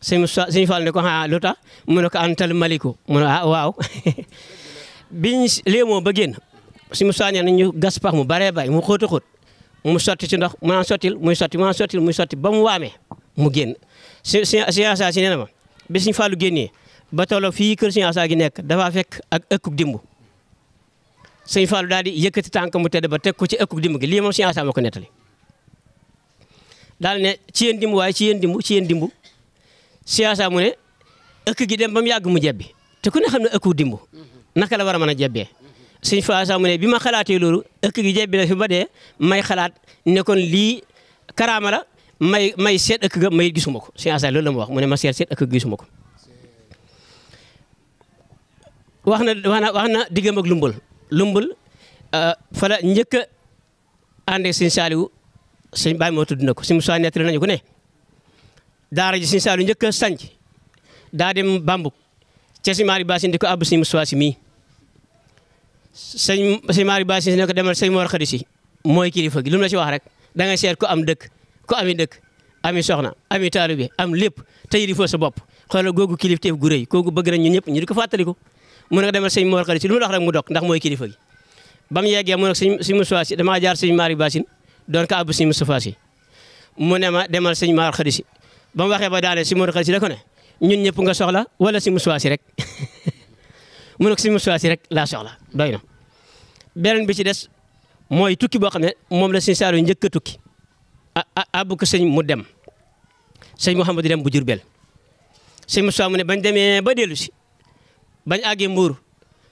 sëñ sëñ faalu ne ko ah lu tax mu ne ko antal maliku mu ne ah waaw biñ léemoo ba génn suñu saanee nañu gas pax mu baree bay mu xóot a mu sotti si ndox mu naan sottil muy sotti mu muy sotti ba mu waamee mu génn si si si si ma bi suñu faalu génnee ba tolloo fii kër suñu asaa gi nekk dafa fekk ak ëkkuk dimbu sëñ Fallou daal di yëkkati tànk mu tedd ba teg ko ci ëkkug dimb gi lii moom sëñ ma ko nettali daal ne ci yéen dimb waaye ci yéen dimb ci yéen dimb sëñ Asa mu ne ëkk gi dem ba mu yàgg mu jebbi te ku ne xam ne ëkkug dimb naka la war a mën a jebbee sëñ Fallou Asa mu ne bi ma xalaatee loolu ëkk gi jebbi la fi ba dee may xalaat ne kon lii karaama may may seet ëkk ga may gisuma ko sëñ Asa loolu la mu wax mu ne ma seet seet ëkk gisuma ko wax na wax na diggam ak lumbal lumbul euh, fa la njëkk a àndee sëñ Saaliwu sëñ Baay moo tudd na ko sëñ Musaa nañu ko ne daara ji sëñ Saaliwu njëkk a sanc daa dem Bambuk ca sëñ Maari Baasin di ko àbb sëñ Musaa si mii sëñ sëñ Maari Baasin ko demal sëñ Moor Xadi si mooy kilifa gi lu mu si wax rek da ngay seet ko am dëkk ko ami dëkk ami soxna ami taalibe am lépp te yilifoo sa bopp xoolal googu kilifteef gu rëy kooku bëgg nañ ñun ñëpp ñu di ko fàttaliku mu ne ko demal sëñ Mor Khary si lu mu dox rek mooy kilifa gi ba mu yeggee mu ne ko sëñ sëñ Moustapha si damaa jaar sëñ Mari Bassine doon ka àbb sëñ Moustapha si mu ne ma demal sëñ Mor Khary si ba mu waxee ba daanee sëñ Mor Khary si da ko ne ñun ñëpp nga soxla wala sëñ Moustapha si rek mu ne ko sëñ Moustapha si rek laa soxla doy na beneen bi ci des mooy tukki boo xam ne moom la sëñ Saliou njëkk a tukki àbb ko sëñ mu dem sëñ Mouhamadou dem bu Jurbel sëñ mu ne bañ demee ba dellu si bañ àggee mbuur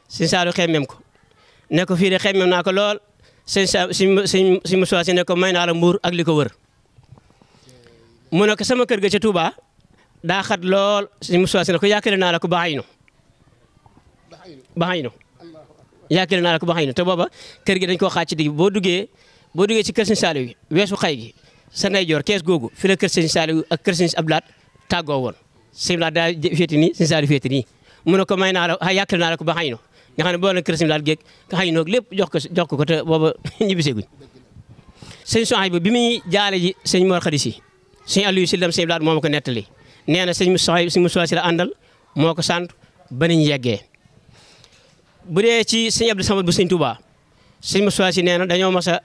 sëñ Saliou xemmeem ko ne ko fii de xemmeem naa ko lool sëñ sa sëñ sëñ Moussa si ne may naa la mbuur ak li ko wër mu nekk sama kër ga ca Touba daa xat lool sëñ Moussa si ne ko yaakaar naa la ko baaxay nu baaxay nu yaakaar naa la ko baaxay nu te booba kër gi dañ koo xaaj ci digg boo duggee boo duggee ci kër sëñ Saliou yi weesu xay gi sa ndeyjoor kees googu fi la kër sëñ Saliou ak kër sëñ Abdou tàggoo woon sëñ Abdou Lahad daa féete nii sëñ Saliou féete nii mu ne ko may naa la yàkkal ko ba xañ no ne boo na kërsim daal géeg ka xañ noog lépp jox ko jox ko ko te booba ñibbiseeguñ sëñ soxay bi bi muy jaale ji sëñ Mor Khady Sy sëñ Aliou si lam sëñ Blaat moo ma ko nettali nee na sëñ mu soo sëñ mu si la àndal moo ko sant ba niñ yeggee bu dee ci sëñ Abdou Samad bu sëñ Touba sëñ mu soxay si nee na dañoo mas a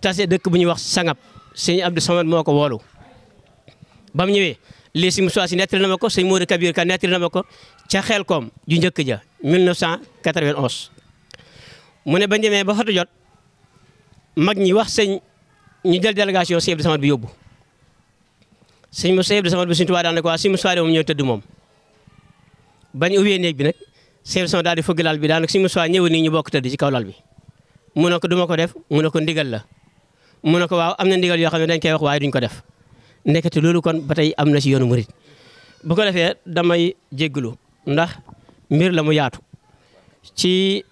tase dëkk bu ñuy wax sangap sëñ Abdou Samad moo ko woolu ba mu ñëwee lii si Moussa si nettali na ma ko sëñ Mourou Kabir Ka nettali na ma ko ca Xelkom ju njëkk ja 1991. mu ne ba demee ba fa jot mag ñi wax sëñ ñu jël délégation sëñ Abdou Samad bi yóbbu sëñ Moussa Abdou Samad bi suñu tubaab daan ne ko waa sëñ Moussa moom ñëw tëdd moom. bañ ubbee néeg bi nag sëñ Abdou Samad daal di fëgg lal bi daanaka sëñ Moussa ñëw nii ñu bokk tëdd ci kaw lal bi. mu ne ko du ko def mu ne ko ndigal la mu ne ko waaw am na ndigal yoo xam ne dañ koy wax waaye duñ ko def. nekkati loolu kon ba tey am na ci yoonu murit bu ko defee damay jégglu ndax mbir la mu yaatu ci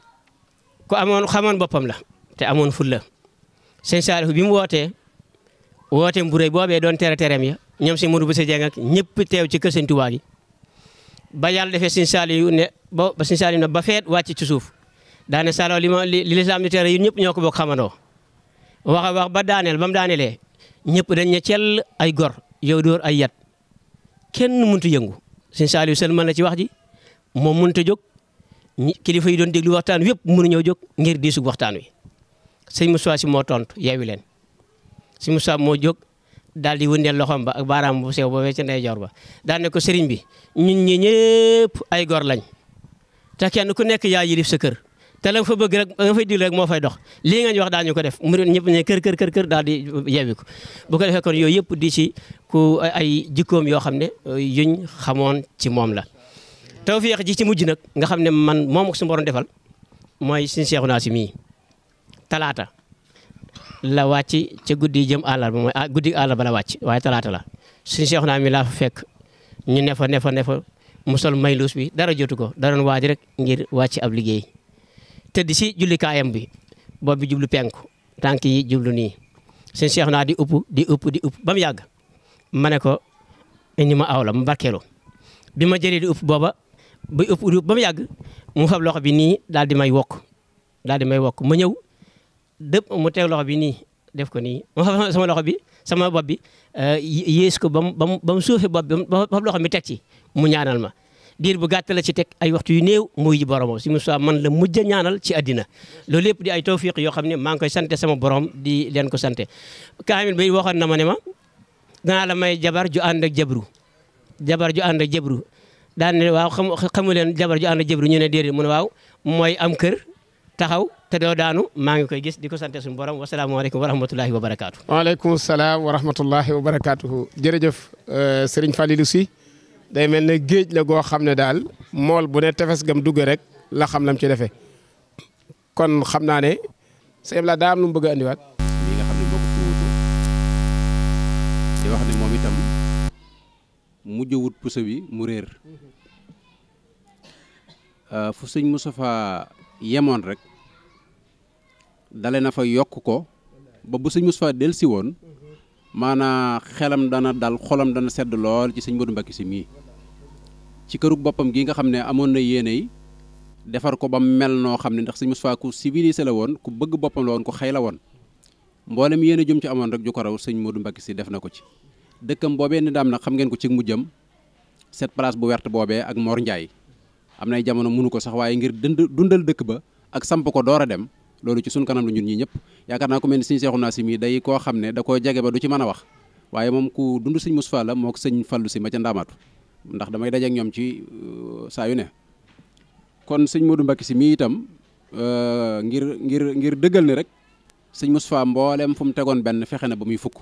ko amoon xamoon boppam la te amoon fulla sëñ Saalihu bi mu wootee wooteem bu boobee doon tere tereem ya ñoom si Modou bu Dieng ak ñëpp teew ci kër sëñ Tuubaa gi ba yàlla defee sëñ Saalihu ne ne ba feet wàcc ci suuf daane Saalihu li ma li lislaam di yi ñëpp ñoo ko bokk xamandoo wax ba daaneel ba mu ñëpp dañ ne cell ay gor yow door ay yat kenn mënut yëngu sëñ Saliou seulement la ci wax ji moom mënut a jóg kilifa yi doon déglu waxtaan wépp yëpp mënuñoo jog ngir diisug waxtaan wi sëñ Moussa si moo tontu yeewi leen sëñ Moussa moo jóg daal di wëndeel loxoom ba ak baaraam bu sew ba fee ca ndeyjoor ba daan ne sëriñ bi ñun ñi ñëpp ay gor lañ te kenn ku nekk yaa yilif sa kër. te fa bëgg rek nga fay dil rek moo fay dox lii nga ñu wax daañu ko def murid ñëpp ne kër kër kër kër daal di yeewi ko bu defee kon yooyu yëpp di si ku ay jikkoom yoo xam ne yuñ xamoon ci moom la tawfeex ji ci mujj nag nga xam ne man moom ak su defal mooy suñu seexu naa si mii talaata la wàcc ca guddi jëm àllarba mooy ah, guddi ba la wàcc waaye talaata la suñu seexu naa mi laa fa fekk ñu nefa nefa nefa musal mayluus bi dara jotu ko dara waaj rek ngir wàcc ab liggéey tëdd si jullikaayam bi bopp bi jublu penku tànk yi jublu nii sëñ Cheikh naa di upp di upp di upp ba mu yàgg ma ne ko indi ma awla mu barkeelu bi ma jëlee di upp booba ba upp ba mu yàgg mu fab loxo bi nii daal di may wokk daal di may wokk ma ñëw dëpp mu teg loxo bi nii def ko nii mu fab sama loxo bi sama bopp bi eh, yées ko ba mu ba mu suufee bopp bi ba loxo mi teg ci mu ñaanal ma. diir bu gàtt la ci teg ay waxtu yu néew muy ji boromam si Moussa man la mujj a ñaanal ci àddina loolu lépp di ay tawfiq yoo xam ne maa ngi koy sante sama borom di leen ko sante kaamil bi waxoon na ma ne ma danaa la may jabar ju ànd ak jabru jabar ju ànd ak jabru daan ne waaw xamu leen jabar ju ànd ak jabru ñu ne déedéet mu ne waaw mooy am kër taxaw te doo daanu maa ngi koy gis di ko sante suñu borom wasalaamaaleykum wa rahmatulahi wa barakaatu. waaleykum salaam wa rahmatulahi wa barakaatu. jërëjëf euh, Serigne Falilou Sy day mel ne géej la goo xam ne daal mool bu ne tefes gam dugge rek la xam lam ci defee kon xam naa ne sëñ la daa am lu mu bëgg andiwaat. lii nga xam ne moom itam mujj wut puse bi mu réer mm-hmm. euh, fu sëñ Moustapha yemoon rek dale na fa yokk ko ba bu sëñ Moustapha dellusi woon. Mm-hmm. maanaa xelam dana dal xolam dana sedd lool ci suñ Modou Mbacké si mii ci kërug boppam gi nga xam ne amoon na yéene yi defar ko ba mel noo xam ne ndax sëñ Moustapha ku civilisé la woon ku bëgg boppam la woon ku xëy la woon mboolem yéene jum ci amoon rek ju ko raw sëñ Modou Mbacké Sy def na ko ci dëkkam boobee ni daam nag xam ngeen ko ci mujjam cette place bu werte boobee ak Mor Ndiaye am nay jamono mënu ko sax waaye ngir dënd dundal dëkk ba ak samp ko door a dem loolu ci sun kanam la ñun ñii ñëpp yaakaar naa ko mel ni sëñ Seexu naa mii day koo xam ne da koo jege du ci mën a wax waaye moom ku dund sëñ Moustapha moo sëñ fallu si ma ca ndaamaatu ndax damay dajeek ñoom ci euh, saa ne kon sëñ Modou Mbacké si mii itam euh, ngir ngir ngir dëggal ni rek sëñ Moustapha mbooleem fu mu tegoon benn fexe na ba muy fukk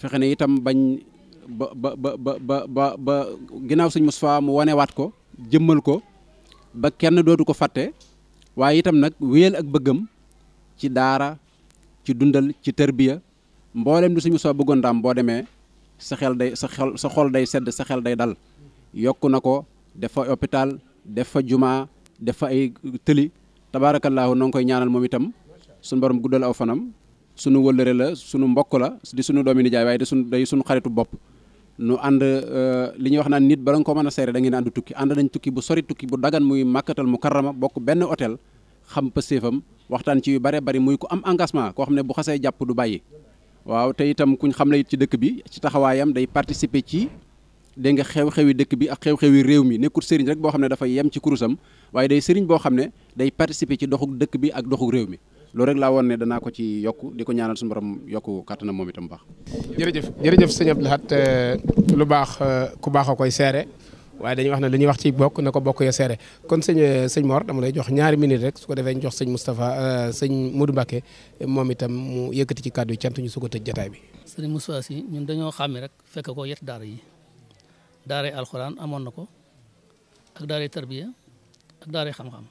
fexe na itam bañ ba ba ba ba ba ginnaaw sëñ Moustapha mu wane waat ko jëmmal ko ba kenn dootu ko fàtte waaye itam nag wéyal ak bëggam ci daara ci dundal ci tërbiya mbooleem di sëñ Moustapha bëggoon daam boo demee sa xel day sa xel sa xol day sedd sa xel day dal yokku na ko def fa hôpital def fa jumaa def fa ay tëli tabaarakallaahu noo ngi koy ñaanal moom itam sunu borom guddal aw fanam sunu wëllëre la sunu mbokk la di sunu doomi nijaay waaye di sunu day sunu xaritu bopp nu ànd euh, li ñuy wax naan nit bala nga ko mën a seere da ngeen ànd tukki ànd nañ tukki bu sori tukki bu dagan muy màkkatal mu karrama bokk benn hôtel xam pëseefam waxtaan ci yu bare bari muy ko am engagement koo xam ne bu xasee jàpp du bàyyi waaw te itam kuñ xam la it ci dëkk bi ci taxawaayam day participer ci dégg nga xew-xewi dëkk bi ak xew-xewi réew mi nekkul sëriñ rek boo xam ne dafay yem ci kurusam waaye day sëriñ boo xam ne day participer ci doxuk dëkk bi ak doxuk réew mi loolu rek laa woon ne danaa ko ci yokk di ko ñaanal suñu yokk yokku kàttanam moom itam baax. jërëjëf jërëjëf sëñ Abdou Lahad lu baax ku baaxa koy seere waaye dañuy wax ne li ñuy wax ci bokk na ko bokk ya seere kon sëñ euh, sëñ Mor dama lay jox ñaari minute rek su ko defee ñu jox sëñ Moustapha euh, sëñ Modou Mbacké moom itam mu yëkkati ci kàddu yi cant ñu su ko tëj jotaay bi. sëñ Moustapha si ñun dañoo xàmme rek fekk ko yett daara yi daara yi alxuraan amoon na ko ak daara yi tarbiya ak daara yi xam-xam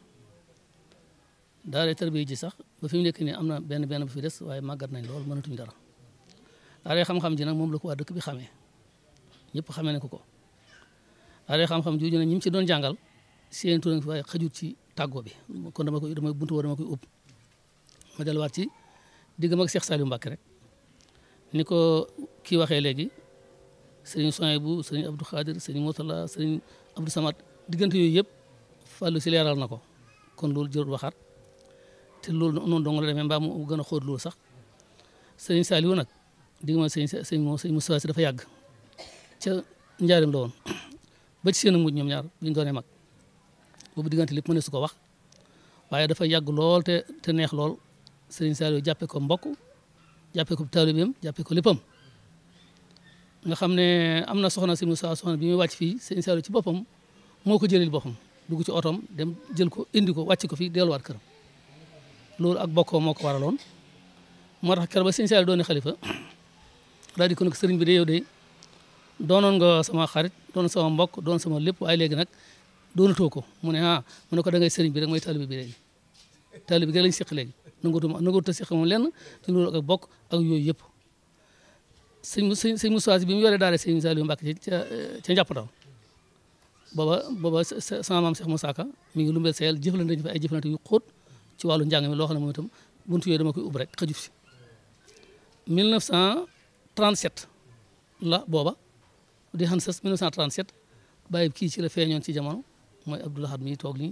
daara yi tarbiya ji sax ba fi mu nekk nii am na benn benn bu fi des waaye màggat nañ lool mënatuñ dara daara yi xam-xam ji nag moom la ko waa dëkk bi xamee ñëpp xamee nañ ko ko daara xam-xam jooju nag ñi ci doon jàngal seen tur nag waaye xajut ci tàggoo bi kon dama koy dama buntu woo dama koy ub ma delluwaat ci diggam ak Cheikh Saliou Mbacké rek ni ko kii waxee léegi sëriñ Souhaïbou sëriñ Abdou Khadir sëriñ Moutala sëriñ Abdou Samad diggante yooyu yëpp fàllu si leeral na ko kon loolu jërul waxaat te loolu noonu dong la demee mu gën a xóot loolu sax sëriñ Saliou nag diggam ak sëriñ sëriñ moom sëriñ Moustapha si dafa yàgg ca njaarim la ba ci seen mujj ñoom ñaar bu ñu doonee mag boobu diggante lépp mënees su ko wax waaye dafa yàgg lool te te neex lool Serigne Saliou jàppee ko mbokk jàppee ko taalibeem jàppee ko léppam nga xam ne am na soxna si Moussa soxna bi muy wàcc fii Serigne Saliou ci boppam moo ko jëlil boppam dugg ci otoom dem jël ko indi ko wàcc ko fii delluwaat këram loolu ak bokkoo moo ko waraloon moo tax keroog ba Serigne Saliou doone xalifa daal di ko nag sëriñ bi de yow doonoon nga sama xarit doon sama mbokk doon sama lépp ay léegi nag doonatoo ko mu ne ah mu ne ko da ngay sëriñ bi rek mooy taalibe bi léegi taalibe bi rek lañ seq léegi nangatuma nangatuma seq moom lenn bokk ak yooyu yëpp sëñ sëñ Moussa bi mu yoree daara sëñ Saliou Mbacke ca ca njàppatal booba booba sama maam Cheikh Moussa Ka mi ngi lumbel sayel jëflante ñu fa ay jëflante yu xóot ci wàllu njàng mi loo xam ne moom itam buntu yooyu dama koy ub rek xajuf si 1937 la booba di Hanses 1937 bàyyi kii ci la feeñoon ci jamono mooy Abdou Lahad mi toog nii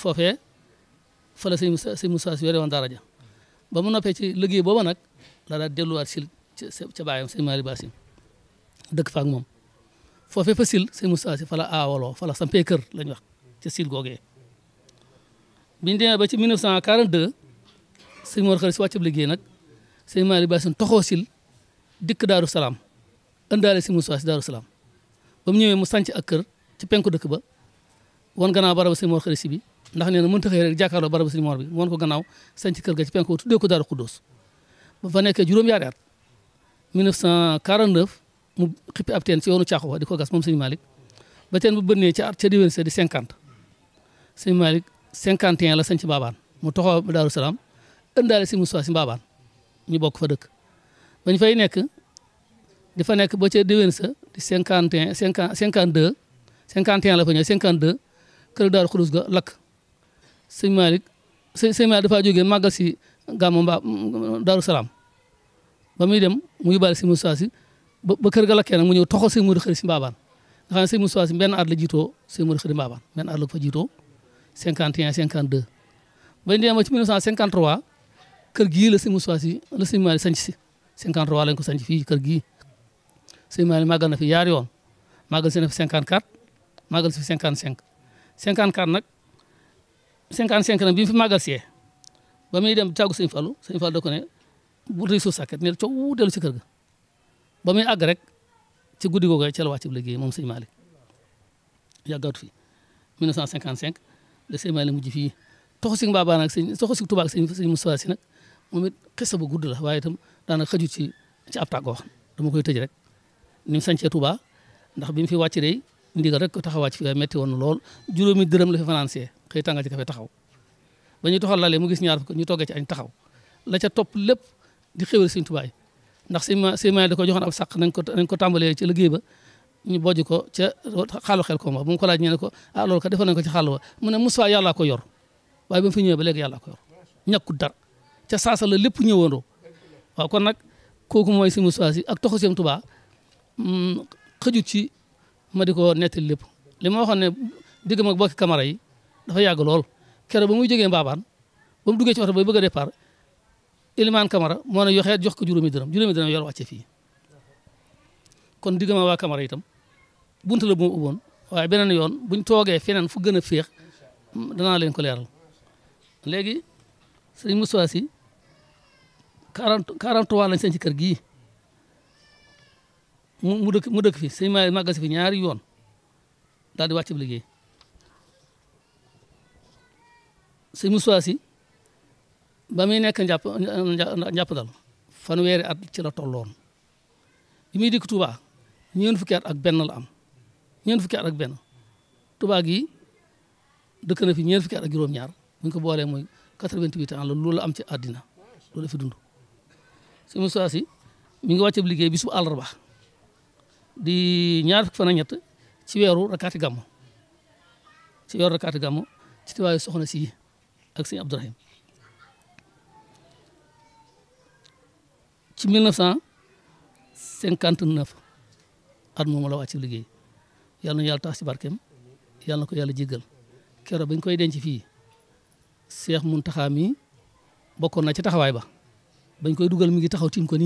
foofee fa la sëñ Moussa sëñ Moussa si yore woon daara ja ba mu noppee ci liggéey booba nag la daal delluwaat sil ca bàyyam sëñ Malick Bassim dëkk fa ak moom fa sil sëñ Moussa si fa la aawaloo fa la sampee kër lañ wax ca sil googee biñ demee ba ci 1942 sëñ Mor Khari si wàccab nag sëñ Malick Bassim toxoo sil dikk Daaru ëndaale si Moussa si Daaru Salaam ba mu ñëwee mu sànc ak ci penku dëkk ba wan gannaaw baraba sëñ Mor Xarit si bi ndax nee na mënta xëy rek jàkkaarloo baraba sëñ Mor bi mu wan ko gannaaw sànc kër ga ci penku ba tuddee ko Daaru Xuddoos ba fa nekkee mu xippi ab teen si yoonu Caaxuwa di ko gas ba teen bu bënnee ca at sa di 50 sëñ la sànc Mbaabaan mu toxoo Daaru Salaam ëndaale si Moussa si Mbaabaan ñu bokk fa dëkk bañ fay nekk di fa nekk ba ca déwén sa di cinquante et un cinquante cinquante deux cinquante et un la fa ñëw cinquante deux kër Daaru Xudus ga lakk sëñ Malick sëñ sëñ Malick dafaa jógee màggal si gàmmu mbaa Daaru Salaam ba muy dem mu yóbbaale si Moussa si ba ba kër ga lakkee nag mu ñëw toxal sëñ Modou Xëri si Mbaabaan nga xam ne sëñ Moussa si benn at la jiitoo sëñ Modou Xëri Mbaabaan benn la ko fa jiitoo cinquante et un cinquante deux bañ demee ci mille neuf la sëñ Moussa si la sëñ Malick ko sanc fii kër gii sëñ Malick màggal na fi yaari yoon màggal si na fi 54 màggal si fi 55 54 nag 55 nag bi mu fi màggal see ba muy dem tàggu sëñ Fallou sëñ Fallou da ko ne bu rëy suuf sàkket ne ga ba muy àgg ci guddi googu ci la wàcc liggéey moom sëñ Malick yàggatu fi 1955 la sëñ Malick mujj fii toxu si Mbaba nag sëñ toxu si Touba ak sëñ nag moom it xisa bu gudd la waaye itam daanaka xëju ci ci ab tàggoo dama koy ni mu sañcee Touba ndax bi mu fi wàcc day ndigal rek taxawàcc fi metti woon lool juróomi dërëm la fi financé xëy tàngal ci kafe taxaw ba ñuy toxal lale mu gis ñaar fukk ñu toggee ci añ taxaw la ca topp lépp di xéwal Sëñ Touba yi ndax sima sima da ko joxoon ab sàq nañ ko nañ ko tàmbalee ci liggéey ba ñu bojj ko ca xaalu xel ko ma bu mu ko laaj ñu ko ah loolu ka defoon nañ ko ci xaalu ba mu ne Moussa yàllaa ko yor waaye ba mu fi ñëwee ba léegi yàllaa ko yor ñàkkut dara ca saasa la lépp ñëwandoo Mm, xëjut ci ma di ko nettali lépp li ma waxoon ne digg mag bokki camara dafa yàgg lool keroog ba muy jógee mbaabaan ba mu duggee ci oto bay bëgg a départ Ilimaan yoxe jox ko juróomi dërëm juróomi dërëm yor wàcce fii kon digg ma waa camara itam buntu la bu ma ubboon waaye yoon buñ toogee feneen fu gën a féex mm, danaa leen ko leeral léegi sëriñ Moussa si 40 43 lañ seen ci kër gii mu mu dëkk mu dëkk fi sëñ Mahi màggasi fi ñaari yoon daal di wàcc bi liggéey sëñ Moussa si ba muy nekk njàpp njàpp dal fanweeri at ci la tolloon bi muy dikk Touba ñeent fukki at ak benn la am ñeent fukki at ak benn Touba gi dëkk na fi ñeent fukki at ak juróom-ñaar bu ñu ko boolee mooy 88 ans la loolu la am ci àddina loolu la fi dund sëñ Moussa si mi ngi wàcc bi liggéey bi su àllarba di ñaar fukki ñett ci weeru rakkaati gàmmu ci weeru rakkaati gàmmu ci tiwaayu soxna si ak sëñ ci 1959 at moomu la wàcc liggéey yàlla na yàlla tax ci barkeem yàlla na ko yàlla jéggal kero bañ koy denc fii Seex Muntaxa mi bokkoon na ci taxawaay ba bañ koy dugal mi ngi taxaw tiim ko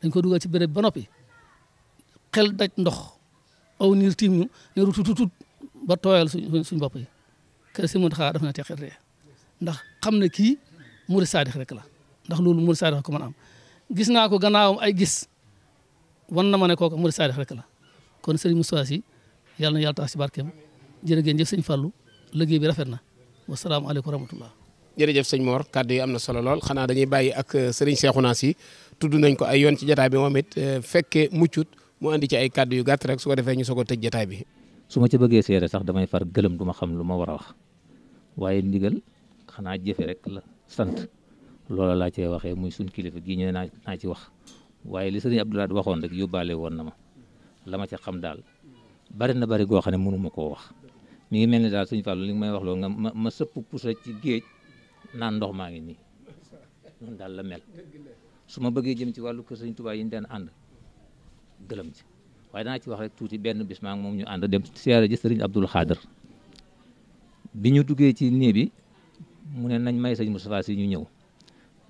dañ ko dugal ci béréb ba noppi xel daj ndox aw niir tiim ñu ba tooyal suñ suñ bopp yi kër si mun xaa daf na teqet ree ndax xam la ndax loolu murid saadix ko mën am naa ko gannaawam ay gis wan na ma ne kooku murid saadix la kon sëriñ Moussa si yàlla na yàlla tax si barkeem jërëgéen jëf sëñ Fallou liggéey bi rafet na wasalaamaaleykum wa rahmatullah jërëjëf sëñ Mor kàddu yi am na solo lool xanaa dañuy bàyyi ak sëriñ Seexuna si tudd nañ ko ay yoon ci jotaay bi moom it muccut mu indi ci ay kàddu yu gàtt rek su ko defee ñu soog ko tëj jataay bi. su ma ci bëggee seere sax damay far gëlëm du ma xam lu ma war a wax waaye ndigal xanaa jëfe rek la sant loola laa cee waxee muy suñ kilifa gii ñu ne naa ci wax waaye li sëriñ Abdou di waxoon rek yóbbaale woon na ma la ma ca xam daal bari na bari goo xam ne mënuma ma koo wax mu ngi mel ni daal suñu fàllu li may wax loo nga ma ma sëpp pusa ci géej naan ndox maa ngi nii noonu daal la mel ma bëggee jëm ci wàllu kër sëriñ Tuubaa yi ñu daan ànd gëlëm ci waaye danaa ci wax rek tuuti benn bis maa ngi moom ñu ànd dem siyaare ji sëriñ Abdul Xaadar bi ñu duggee ci nii bi mu ne nañ may sëñ Moustapha si ñu ñëw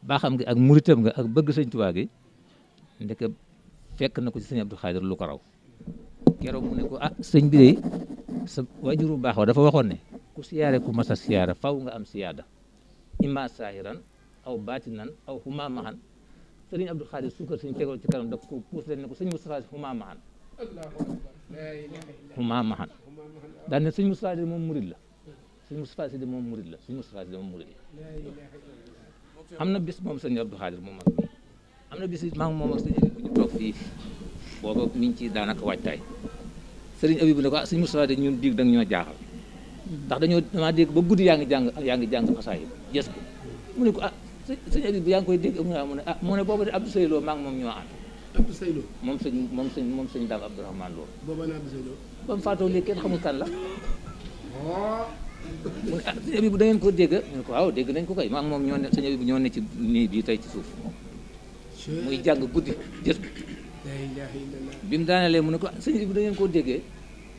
baaxam nga ak muritam nga ak bëgg sëñ Tuubaa gi ndeke fekk na ko ci sëñ Abdul Xaadar lu ko raw keroog mu ne ko ah sëñ bi de sa waajuru baax wa dafa waxoon ne ku siyaare ku mas a siyaara faw nga am siyaada imma saahiran aw baatinan aw xumaamaxan sëriñ Abdou Khadir suukar suñ tegoon ci kanam da ko puus leen ne ko sëñ Moustapha si xumaa mahan xumaa mahan daan ne sëñ Moustapha si moom murid la sëñ Moustapha si moom murid la sëñ Moustapha si moom am na bis moom sëñ Abdou Khadir moom mag am na bis maa moom ak sëñ Habib bu ñu daanaka waajtaay sëriñ Habib bu ne ko ah sëñ Moustapha diig da ñoo jaaxal ndax dañoo damaa dégg ba guddi yaa ngi jàng yaa ngi jàng xasaay yi mu ne ko ah sëñ Habib yaa ngi koy dégg ak mu ne ah mu ne boobu de Abdou Seydou moom ñoo ànd moom sëñ moom sëñ moom sëñ Dame Abdourahmane Lo booba ne Abdou Seydou ba mu faatoo léegi kenn xamul kan la oh. mu ne ah sëñ Habib da ko dégg ko waaw dégg nañ ko koy maa ngi ñoo ne sëñ ñoo ne ci nii bii tey ci suuf muy jàng guddi jës bi mu daanelee mu ne ko ah, sëñ Habib da koo déggee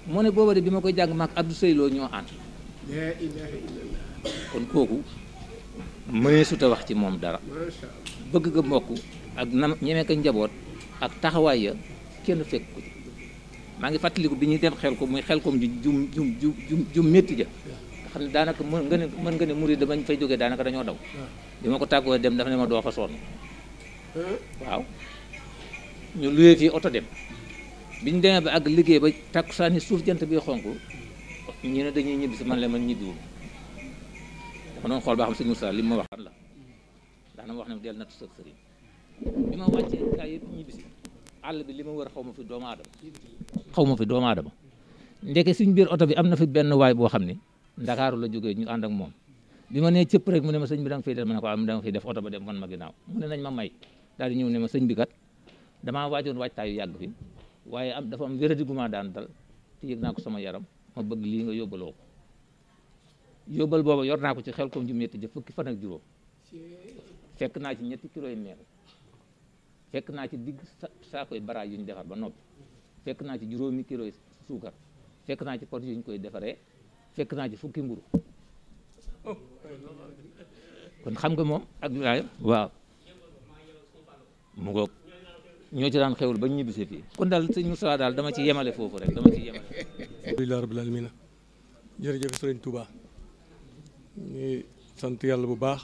mu ne booba de bi ma koy jàng maak Abdou Seydou ñoo ànd kon kooku mëneesut a wax ci moom dara bëgg ga mbokk ak nam ñeme ko njaboot ak taxawaay ya kenn fekk ko ci maa ngi fàttaliku bi ñuy def xel ko muy xel kom ju jum jum jum jum métti ja nga xam ne daanaka mën nga ne mën nga ne murid da bañ fay jógee daanaka dañoo daw bi ma ko tàggoo dem dafa ne ma doo fa sonn waaw ñu luyee fii oto dem bi ñu demee ba ak liggéey ba takkusaani suuf jant bi xonk ñu ne dañuy ñibbi si man la man ñibbiwul ma doon xool ba xam sëñ Moussa li ma waxan na ma wax ne del nattu sa sëriñ bi ma wàccee gaa yëpp ñibbisi àll bi li ma war xaw ma fi doomu aadama xaw ma fi doomu aadama suñ biir oto bi am na fi benn waay boo xam ne ndakaaru la jógee ñu àndak moom bi ma nee cëpp rek mu ne ma sëñ bi da nga fiy def am fiy def oto ba dem man ma ginaaw mu ne nañ ma may daal di ñëw ne ma sëñ bi kat damaa waajoon waajtaayu yàgg fi waaye am dafa am wéradi gu daan dal te yëg naa ko sama yaram ma bëgg yóbbal booba yor naa ko ci xel koom ju metti ja fukki fan ak juróom fekk naa ci ñetti kilo yi meel fekk naa ci digg saakoy baraaj yu ñu defar ba noppi fekk naa ci juróomi kilo yi suukar fekk naa ci pot yu koy defaree fekk naa ci fukki mburu kon xam nga moom ak wilaayam waaw mu ngoog ñoo ci daan xewul ba ñu ñibbisee fii kon daal sëñ Moussa daal dama ci yemale foofu rek dama ci yemale alhamdulilah rabbil alamin jërëjëf sëriñ Touba ñuy sant yàlla bu baax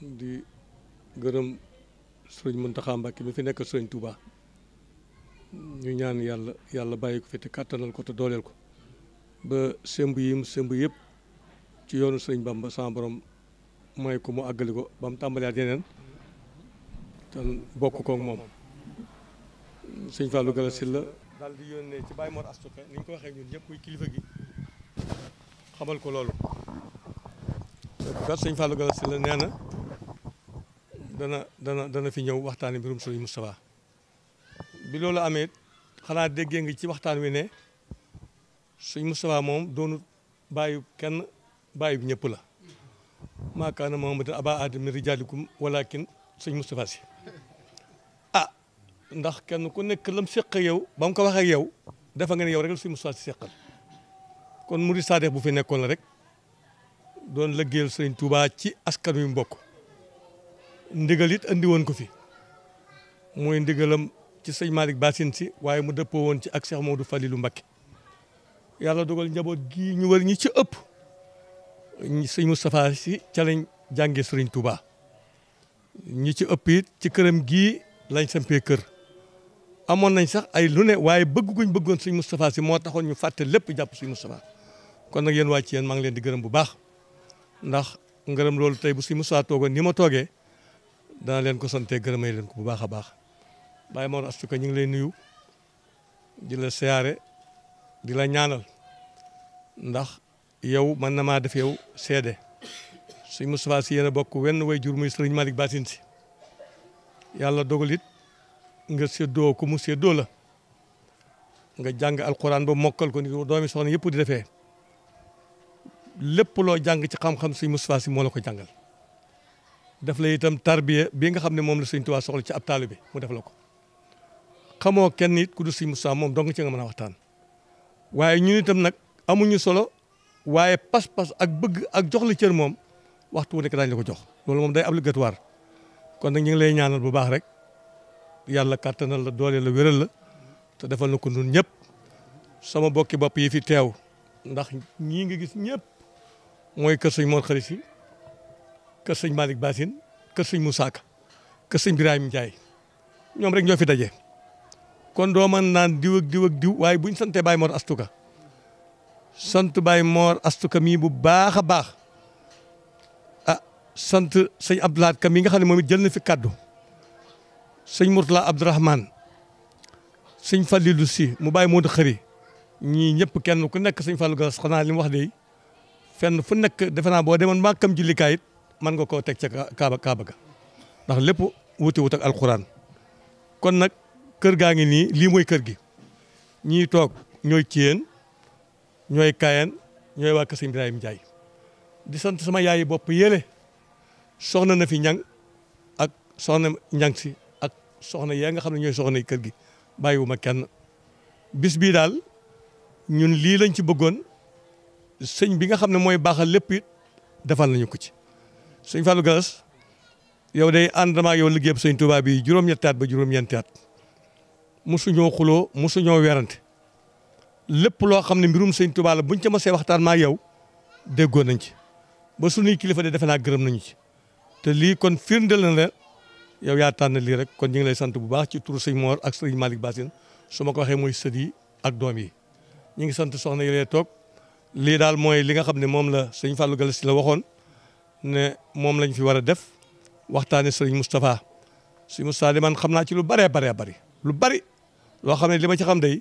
di gërëm sëriñ Muntaxa Mbàkke mi fi nekk sëriñ Touba ñu ñaan yàlla yàlla bàyyi ko fi te kàttanal ko te dooleel ko ba sëmb yim sëmb yépp ci yoonu sëriñ Bamba sama borom may ko mu àggali ko ba mu tàmbaliyaat yeneen te bokk koog moom sëñ Fallou Galass Syll la dal di yónnee ci Baye Mor Astuka ni ñu ko waxee ñun ñëpp muy kilifa gi xamal ko loolu gàtt sëñ Fallou Galass Syll la nee na dana dana dana fi ñëw waxtaani mbirum sëñ Moustapha bi loolu amee xanaa déggee nga ci waxtaan wi ne sëñ Moustapha moom doonu bàyyi kenn bàyyi bu ñëpp la maa kaana Muhammadan abaa ahadim min rijaalikum walaakin sëñ Moustapha Sy ah ndax kenn ku nekk lam séq yow ba mu ko waxee yow dafa nga ne yow rek la sëñ Moustapha Sy séqal kon murid saadix bu fi nekkoon la rek doon lëggéeyal sëriñ Touba ci askan wi mbokk ndigal it andi ko fi mooy ndigalam ci sëñ Malick Bassine si waaye mu dëppoo woon ci ak Cheikh Modou Falilou Mbacké yàlla dogal njaboot gii ñu war ñi ci ëpp sëñ Moustapha si ca lañ jàngee sëriñ Touba ñi ci ëpp yit ci këram gii lañ sempee kër amoon nañ sax ay lu ne waaye bëgg guñ bëggoon sëñ Moustapha si moo taxoon ñu fàtte lépp jàpp sëñ Moustapha kon nag yen waa ci yéen maa ngi leen di gërëm bu baax ndax ngërëm loolu tey bu si Moussa toogoon ni ma toogee dana leen ko sante gërëmay leen ko bu baax a baax moo Mor Astou Ka ñu ngi lay nuyu di la siyaare di la ñaanal ndax yow mën na maa def yow seede suñ Moustapha si yéen a bokk wenn way jur muy sëriñ Malick Basin si yàlla dogal it nga séddoo ko mu séddoo la nga jàng alquran ba mokkal ko ni doomi soxna yëpp di defee lépp loo jàng ci xam-xam sëñ Moustapha Sy moo la ko jàngal def la itam tarbiya bii nga xam ne moom la sëñ waa soxla ci ab taalibe mu def la ko xamoo kenn it ku du sëñ Moustapha moom dong ci nga man a waxtaan waaye ñun itam nag amuñu solo waaye pas-pas ak bëgg ak jox la cër moom waxtu wu nekk daañu la ko jox loolu moom day obligatoire kon nag ñu ngi lay ñaanal bu baax rek yàlla kàttanal la dooleel la wéral la te defal na ko nun ñëpp sama bokki bopp yi fi teew ndax ñii nga gis ñëpp mooy kër sëñ Mor Khary Sy kër sëñ Malick Bassine kër sëñ Moussa Ka kër sëñ Birahim Ndiaye ñoom rek ñoo fi daje. kon doo mën naan diw ak diw ak diw waaye buñ santee Baye Mor Astuka sant baay Mor Astuka mii bu baax a baax ah sant sëñ Abdoulaat Ka mii nga xam ne moom it jël na fi kaddu sëñ Mourtala Abdourahmane sëñ Fallilou Sy mu Baye Modou Khary ñii ñëpp kenn ku nekk sëñ Fallou Galas xanaa li mu wax de fenn fu nekk defe naa boo demoon màkkam jullikaay it man nga koo teg ca kaaba kaaba ga ndax lépp wuti wut alxuraan kon nag kër gaa ngi nii lii mooy kër gi ñii toog ñooy Thiène ñooy Kayeen ñooy waa Kër Sëñ Ibrahima Ndiaye di sant sama yaayi bopp yële soxna na fi ñang ak soxna ñang si ak soxna yaa nga xam ne ñooy soxna kër gi bàyyiwuma kenn bis bii daal ñun lii lañ ci bëggoon sëñ bi nga xam ne mooy baaxal lépp it defal nañu ko ci sëñ Fallou Gallas yow day ànd ak yow liggéeyam sëñ Touba bi juróom-ñetti ba juróom-ñeenti at mosuñoo xuloo mosuñoo werante lépp loo xam ne mbirum sëñ Touba la buñ ca mosee waxtaan maa yow déggoo nañ ci ba suñuy kilifa de defe naa gërëm nañu ci te lii kon firndeel na la yow yaa lii rek kon ñu ngi lay sant bu baax ci turu sëñ Mor ak sëñ Malick Bassine su ma ko waxee mooy sët ak doom yi ñu ngi sant soxna yi toog lii daal mooy li nga xam ne moom la sëñ Fallou Galass la waxoon ne moom lañ fi war a def waxtaane sëriñ Moustapha sëñ Moustapha di man xam naa ci lu bëree bëree bari lu bari loo xam ne li ma ci xam dey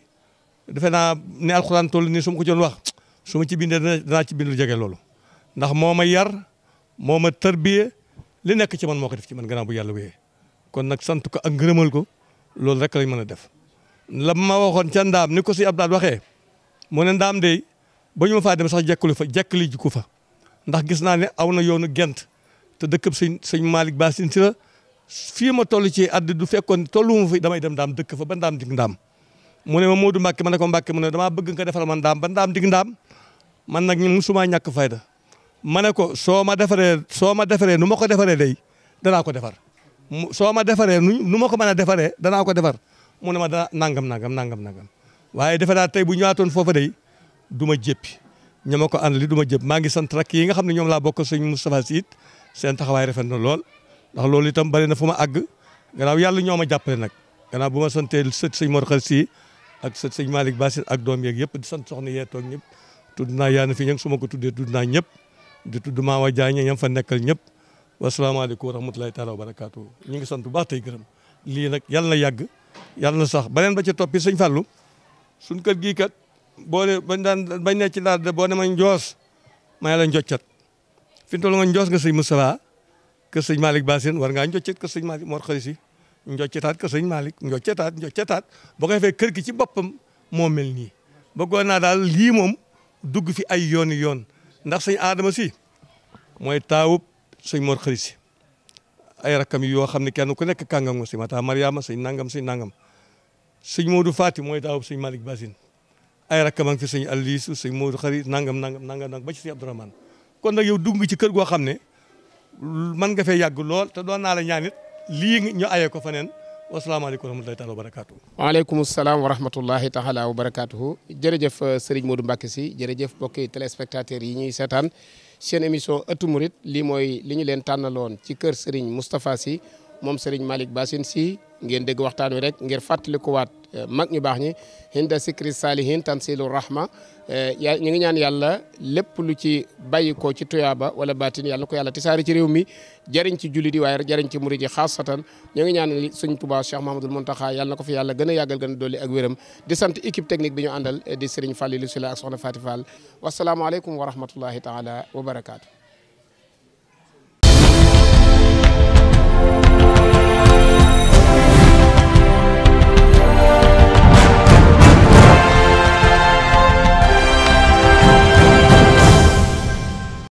defe naa ne alxuraan toll nii su ma ko doon wax su ma ci bindee danaa ci bind lu jege loolu ndax moo ma yar moo ma tërbiye li nekk ci man moo ko def ci man gannaaw bu yàlla wéyee kon nag sant ko ak ngërëmal ko loolu rek lañ mën a def la ma waxoon ca ndaam ni ko si Abdoulaye waxee ba ñu faa dem sax jekkulu fa jekkali ji ko fa ndax gis naa ne aw na yoonu gent te dëkk sëñ sëñ Malick Bassine si la fii ma toll ci àdd du fekkoon tollu ma fi damay dem daam dëkk fa ba ndaam dig ndaam mu ne ma Modou Mbacke ma ne ko Mbacke mu ne damaa bëgg nga defal ma ndaam ba ndaam dig ndaam man nag ñu musumaa ñàkk fayda ma ne ko soo ma defaree soo ma defaree nu ma ko defaree day danaa ko defar soo ma defaree nu ma ko mën a defaree danaa ko defar mu ne ma dana nangam nangam nangam nangam waaye defe naa tey bu ñëwaatoon foofa day du ma jéppi ña ko ànd li du ma jëpp maa ngi sant rakk yi nga xam ne ñoom laa bokk sëñ Moustapha Sy it seen taxawaay rafet na lool ndax loolu itam bari na fu ma àgg gannaaw yàlla ñoo ma jàppale nag gannaaw bu ma santee sët sëñ Mor Xal si ak sët sëñ Malick Bassin ak doom yeeg yëpp di sant soxna yee toog ñëpp tudd naa yaa na fi ña su ma ko tuddee tudd naa ñëpp di tudd Mawa Diagne ñam fa nekkal ñëpp wasalaamaaleykum wa rahmatulahi taala wa barakaatu ñu ngi sant bu baax tey gërëm lii nag yàlla na yàgg yàlla na sax beneen ba ca toppi sëñ Fallou boo de bañ daan bañ ne ci laaj de boo demee njoos may la njoccat fi mu toll nga njoos nga sëñ Moustapha kër sëñ Malick Bassine war ngaa njoccat kër sëñ Malick Mor Xalisi njoccataat kër sëñ Malick njoccataat njoccataat boo ko defee kër gi ci boppam moo mel nii bëggoon naa daal lii moom dugg fi ay yooni yoon ndax sëñ Adama si mooy taawub sëñ Mor Xalisi ay rakkam yi yoo xam ne kenn ku nekk kàngam nga si mata Mariama sëñ nangam sëñ nangam sëñ Modou Fati mooy taawub sëñ Malick ay rakkam ak fi sëñ Aliisu sëñ Moodu xarit nangam nanga nangam nangam ba ci sëñ Abdourahmane kon nag yow dugg nga ci kër goo xam ne man nga fee yàgg lool te doon naa la ñaan it lii ñu aye ko faneen wasalaamaaleykum wa rahmatulahi taala wa barakaatu. waaleykum salaam wa rahmatulahi taala wa barakaatu. jërëjëf euh, Serigne Modou Mbacke si jërëjëf mbokki téléspectateurs yi ñuy seetaan seen émission ëttu lii mooy li ñu leen tànnaloon ci kër Serigne Moustapha si. moom Serigne Malick Bassine si ngeen dégg waxtaan wi rek ngir fàttalikuwaat eh, mag ñu baax ñi hinda sikri salihin tansilu rahma eh, ya ñu ngi ñaan yàlla lépp lu ci bàyyikoo ci tuyaaba wala baatin yàlla ko yàlla tisaari ci réew mi jëriñ ci jullit yi waaye jëriñ ci murid yi xaasatan ñu ngi ñaan suñ Tuubaa Cheikh Mahamadul Muntaxa yàlla na ko fi yàlla gën a yàggal gën a dolli ak wéram di sant équipe technique bi ñu àndal eh, di Serigne Fallou Sila ak soxna Fati Fall wasalaamualeykum wa rahmatullahi taala wa barakaatu